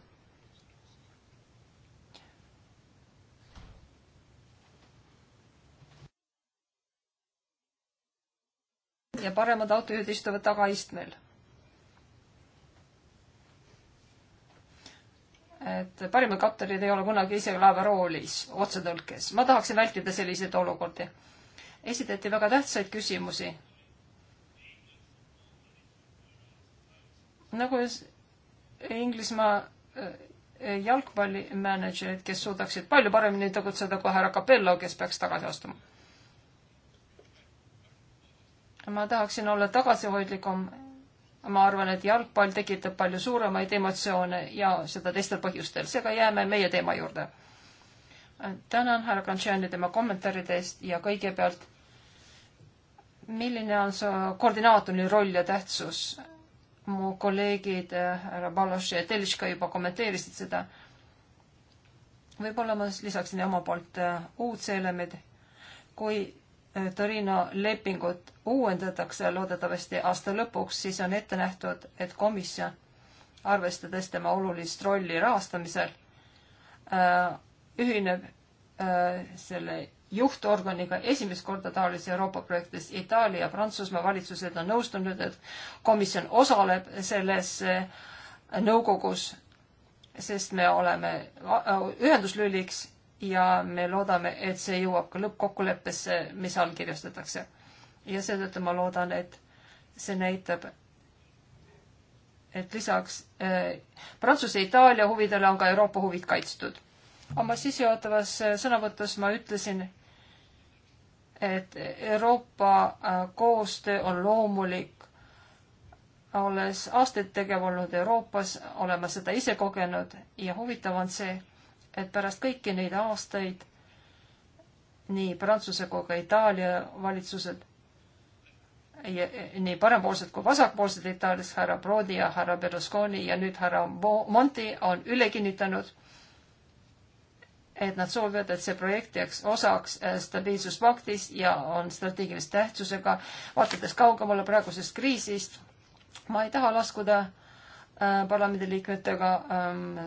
S1: ja paremad autojuhid istuvad tagaistmel. et parimad kaptenid ei ole kunagi ise laeva roolis otsetõlkes. ma tahaksin vältida selliseid olukordi. esitati väga tähtsaid küsimusi nagu Inglismaa äh, jalgpallimänedžerid, kes suudaksid palju paremini tegutseda kui härra Capello, kes peaks tagasi astuma. ma tahaksin olla tagasihoidlikum. ma arvan, et jalgpall tekitab palju suuremaid emotsioone ja seda teistel põhjustel, seega jääme meie teema juurde. tänan härra Kanchani tema kommentaaride eest ja kõigepealt, milline on see koordinaatori roll ja tähtsus mu kolleegid äh, härra Baloš ja Telška juba kommenteerisid seda. võib-olla ma lisaksin oma poolt äh, uudse elemendi. kui äh, Torino lepingut uuendatakse loodetavasti aasta lõpuks, siis on ette nähtud, et komisjon, arvestades tema olulist rolli rahastamisel, ühineb selle juhtorganiga esimest korda taolis Euroopa projektis Itaalia ja Prantsusmaa valitsused on nõustunud, et komisjon osaleb selles äh, nõukogus, sest me oleme äh, ühenduslüliks ja me loodame, et see jõuab ka lõppkokkuleppesse, mis allkirjastatakse. ja seetõttu ma loodan, et see näitab, et lisaks eh, Prantsuse ja Itaalia huvidele on ka Euroopa huvid kaitstud. oma sissejuhatavas sõnavõtus ma ütlesin, et Euroopa äh, koostöö on loomulik. olles aastaid tegev olnud Euroopas, olen ma seda ise kogenud ja huvitav on see, et pärast kõiki neid aastaid nii Prantsuse kui ka Itaalia valitsused ja nii parempoolsed kui vasakpoolsed Itaalias, härra Prodi ja härra Berlusconi ja nüüd härra Monti on üle kinnitanud et nad soovivad, et see projekt jääks osaks äh, stabiilsuspaktist ja on strateegilise tähtsusega, vaadates kaugemale praegusest kriisist. ma ei taha laskuda äh, parlamendiliikmetega ähm,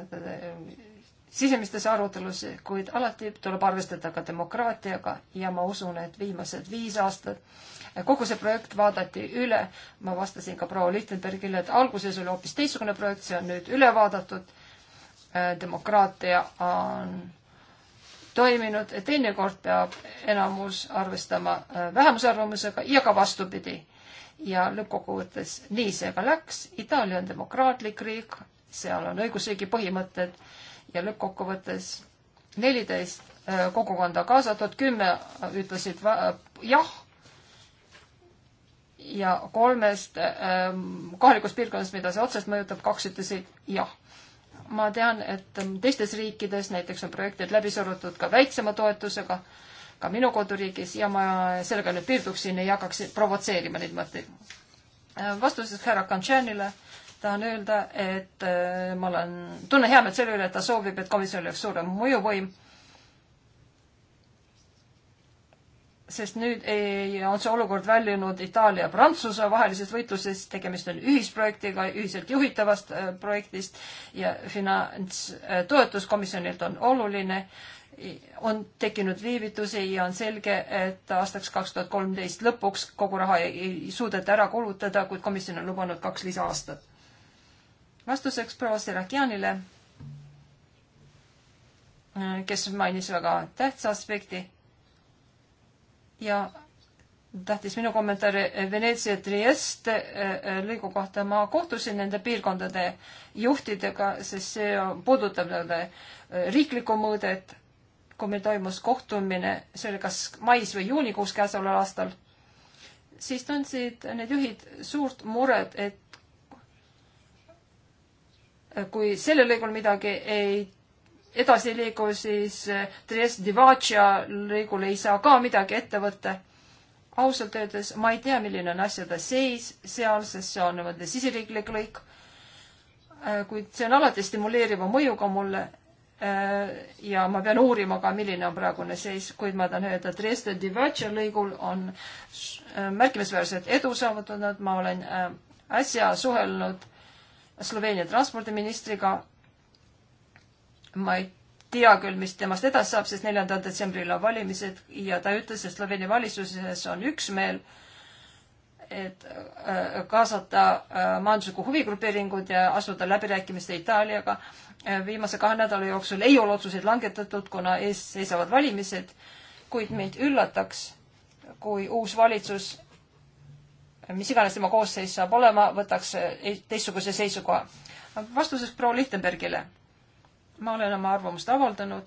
S1: sisemistesse arutelusse, kuid alati tuleb arvestada ka demokraatiaga ja ma usun, et viimased viis aastat äh, kogu see projekt vaadati üle. ma vastasin ka proua Lichtenbergile, et alguses oli hoopis teistsugune projekt, see on nüüd üle vaadatud. demokraatia on toiminud, teinekord peab enamus arvestama äh, vähemuse arvamusega ja ka vastupidi. ja lõppkokkuvõttes nii see ka läks, Itaalia on demokraatlik riik, seal on õigusriigi põhimõtted ja lõppkokkuvõttes neliteist äh, kogukonda kaasatud, kümme ütlesid äh, jah ja kolmest ähm, kohalikust piirkonnast, mida see otseselt mõjutab, kaks ütlesid jah ma tean, et teistes riikides näiteks on projektid läbi surutud ka väiksema toetusega, ka minu koduriigis ja ma sellega nüüd piirduksin ja hakkaks provotseerima neid mõtteid. vastuseks härra Kantšanile tahan öelda, et äh, ma olen, tunnen heameelt selle üle, et ta soovib, et komisjonil oleks suurem mõjuvõim sest nüüd ei, on see olukord väljunud Itaalia ja Prantsuse vahelisest võitlusest, tegemist on ühisprojektiga, ühiselt juhitavast äh, projektist ja finantstoetus äh, komisjonilt on oluline. on tekkinud viivitusi ja on selge, et aastaks kaks tuhat kolmteist lõpuks kogu raha ei, ei suudeta ära kulutada, kuid komisjon on lubanud kaks lisaaastat. vastuseks proua Serakianile, äh, kes mainis väga tähtsa aspekti ja tähtis minu kommentaar eh, Veneetsia Trieste eh, eh, lõigu kohta. ma kohtusin nende piirkondade juhtidega, sest see puudutab nende riiklikku mõõdet, kui meil toimus kohtumine, see oli kas mais või juunikuus käesoleval aastal, siis tundsid need juhid suurt muret, et kui sellel lõigul midagi ei edasi liigu, siis Dresd-Divatša eh, lõigul ei saa ka midagi ette võtta. ausalt öeldes ma ei tea, milline on asjade seis seal, sest see on niimoodi siseriiklik lõik. Eh, kuid see on alati stimuleeriva mõjuga mulle. Eh, ja ma pean uurima ka, milline on praegune seis, kuid ma tahan öelda, Dresd-Divatša lõigul on märkimisväärset edu saavutanud, ma olen äsja suhelnud Sloveenia transpordiministriga ma ei tea küll, mis temast edasi saab, sest neljandal detsembril on valimised ja ta ütles, et Sloveenia valitsuses on üksmeel, et äh, kaasata äh, majandusliku huvigrupeeringud ja asuda läbirääkimiste Itaaliaga. Äh, viimase kahe nädala jooksul ei ole otsuseid langetatud, kuna ees seisavad valimised, kuid meid üllataks, kui uus valitsus, mis iganes tema koosseis saab olema, võtaks teistsuguse seisukoha. vastuseks proua Lichtenbergile ma olen oma arvamust avaldanud,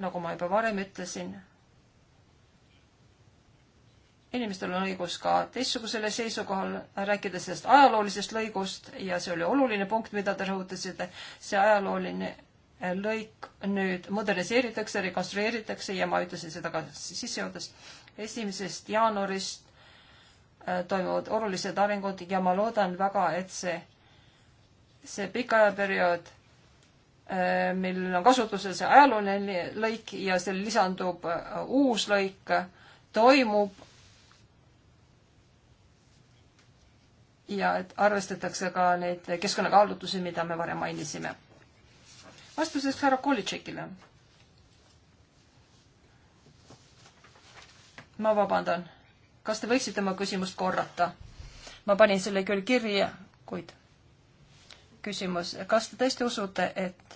S1: nagu ma juba varem ütlesin. inimestel on õigus ka teistsugusele seisukohale, rääkida sellest ajaloolisest lõigust ja see oli oluline punkt, mida te rõhutasite, see ajalooline lõik nüüd moderniseeritakse, rekonstrueeritakse ja ma ütlesin seda ka sissejuhatuses. esimesest jaanuarist äh, toimuvad olulised arengud ja ma loodan väga, et see, see pika ajaperiood Äh, meil on kasutusel see ajalooline lõik ja seal lisandub äh, uus lõik, toimub. ja et arvestatakse ka neid keskkonnakaalutlusi, mida me varem mainisime. vastuseks härra Kolitšekile. ma vabandan, kas te võiksite oma küsimust korrata? ma panin selle küll kirja, kuid küsimus, kas te tõesti usute, et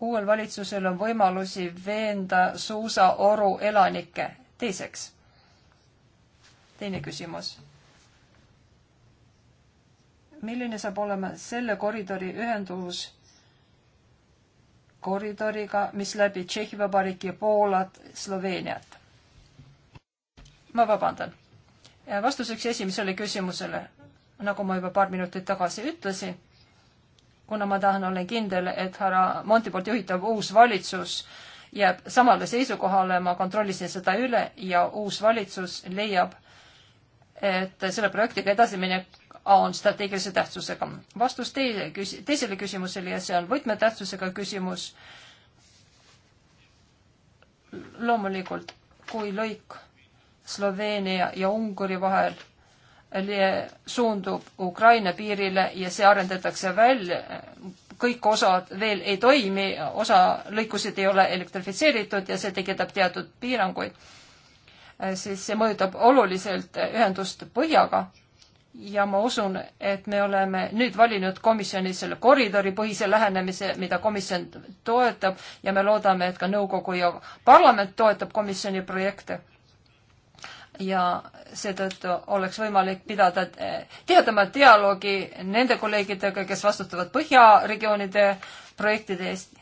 S1: uuel valitsusel on võimalusi veenda suusaoru elanikke? teiseks, teine küsimus. milline saab olema selle koridori ühendus koridoriga, mis läbi Tšehhi Vabariiki, Poolat, Sloveeniat? ma vabandan. vastuseks esimesele küsimusele nagu ma juba paar minutit tagasi ütlesin, kuna ma tahan, olen kindel, et härra Monti poolt juhitav uus valitsus jääb samale seisukohale, ma kontrollisin seda üle ja uus valitsus leiab, et selle projektiga edasiminek on strateegilise tähtsusega. vastus teie küs-, teisele küsimusele ja see on võtmetähtsusega küsimus. loomulikult, kui lõik Sloveenia ja Ungari vahel suundub Ukraina piirile ja see arendatakse välja. kõik osad veel ei toimi, osa lõikusid ei ole elektrifitseeritud ja see tekitab teatud piiranguid. siis see mõjutab oluliselt ühendust põhjaga ja ma usun, et me oleme nüüd valinud komisjonis selle koridoripõhise lähenemise, mida komisjon toetab ja me loodame, et ka nõukogu ja parlament toetab komisjoni projekte ja seetõttu oleks võimalik pidada eh, tihedamat dialoogi nende kolleegidega, kes vastutavad põhjaregioonide projektide eest.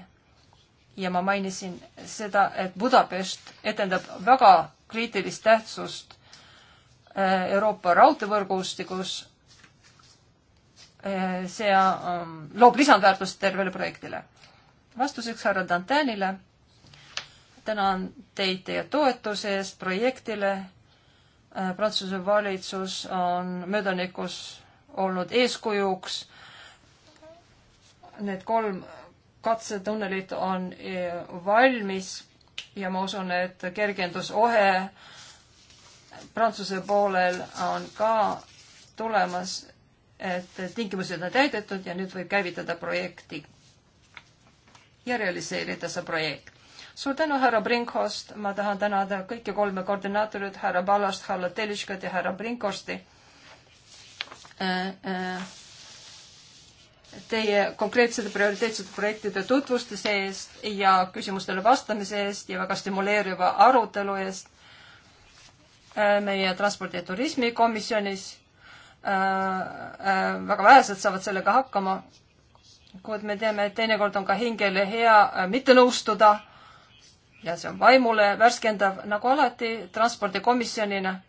S1: ja ma mainisin seda, et Budapest etendab väga kriitilist tähtsust eh, Euroopa raudteevõrgustikus. Eh, see um, loob lisandväärtust tervele projektile. vastuseks härra Dantanile. tänan teid teie toetuse eest projektile Äh, Prantsuse valitsus on möödanikus olnud eeskujuks. Need kolm katsetunnelit on äh, valmis ja ma usun, et kergendusohe Prantsuse poolel on ka tulemas, et tingimused on täidetud ja nüüd võib käivitada projekti ja realiseerida see projekt suur tänu, härra Brinkhorst, ma tahan tänada kõiki kolme koordinaatorit, härra Ballast, härra Telitškat ja härra Brinkhorsti äh,. Äh, teie konkreetsete prioriteetsete projektide tutvustuse eest ja küsimustele vastamise eest ja väga stimuleeriva arutelu eest äh, meie transpordi- ja turismikomisjonis äh, äh, väga vähesed saavad sellega hakkama. kuid me teame, et teinekord on ka hingele hea äh, mitte nõustuda ja see on vaimule värskendav, nagu alati transpordikomisjonina.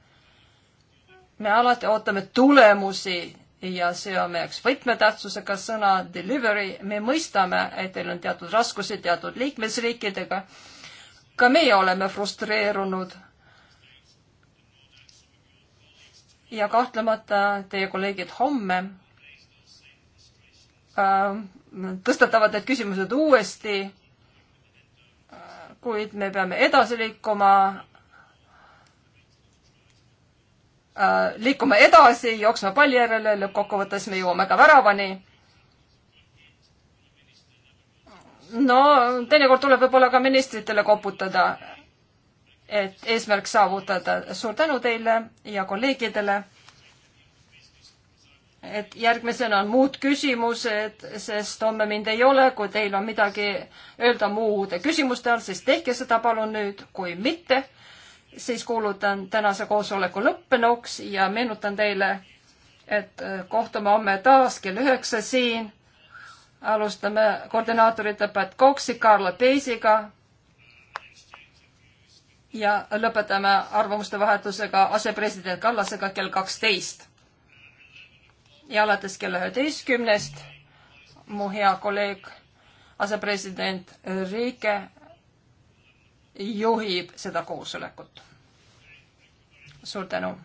S1: me alati ootame tulemusi ja see on meie jaoks võtmetähtsusega sõna delivery. me mõistame, et teil on teatud raskusi teatud liikmesriikidega. ka meie oleme frustreerunud. ja kahtlemata teie kolleegid homme äh, tõstatavad need küsimused uuesti kuid me peame edasi liikuma äh,, liikuma edasi, jooksma palli järele, lõppkokkuvõttes me jõuame ka väravani. no teinekord tuleb võib-olla ka ministritele koputada, et eesmärk saavutada. suur tänu teile ja kolleegidele et järgmisena on muud küsimused, sest homme mind ei ole, kui teil on midagi öelda muude küsimuste all, siis tehke seda palun nüüd, kui mitte, siis kuulutan tänase koosoleku lõppenuks ja meenutan teile, et äh, kohtume homme taas kell üheksa siin. alustame koordinaatorite Pat Coxi, Carla Peisiga ja lõpetame arvamuste vahetusega asepresident Kallasega kell kaksteist ja alates kella üheteistkümnest mu hea kolleeg, asepresident Riike juhib seda koosolekut. suur tänu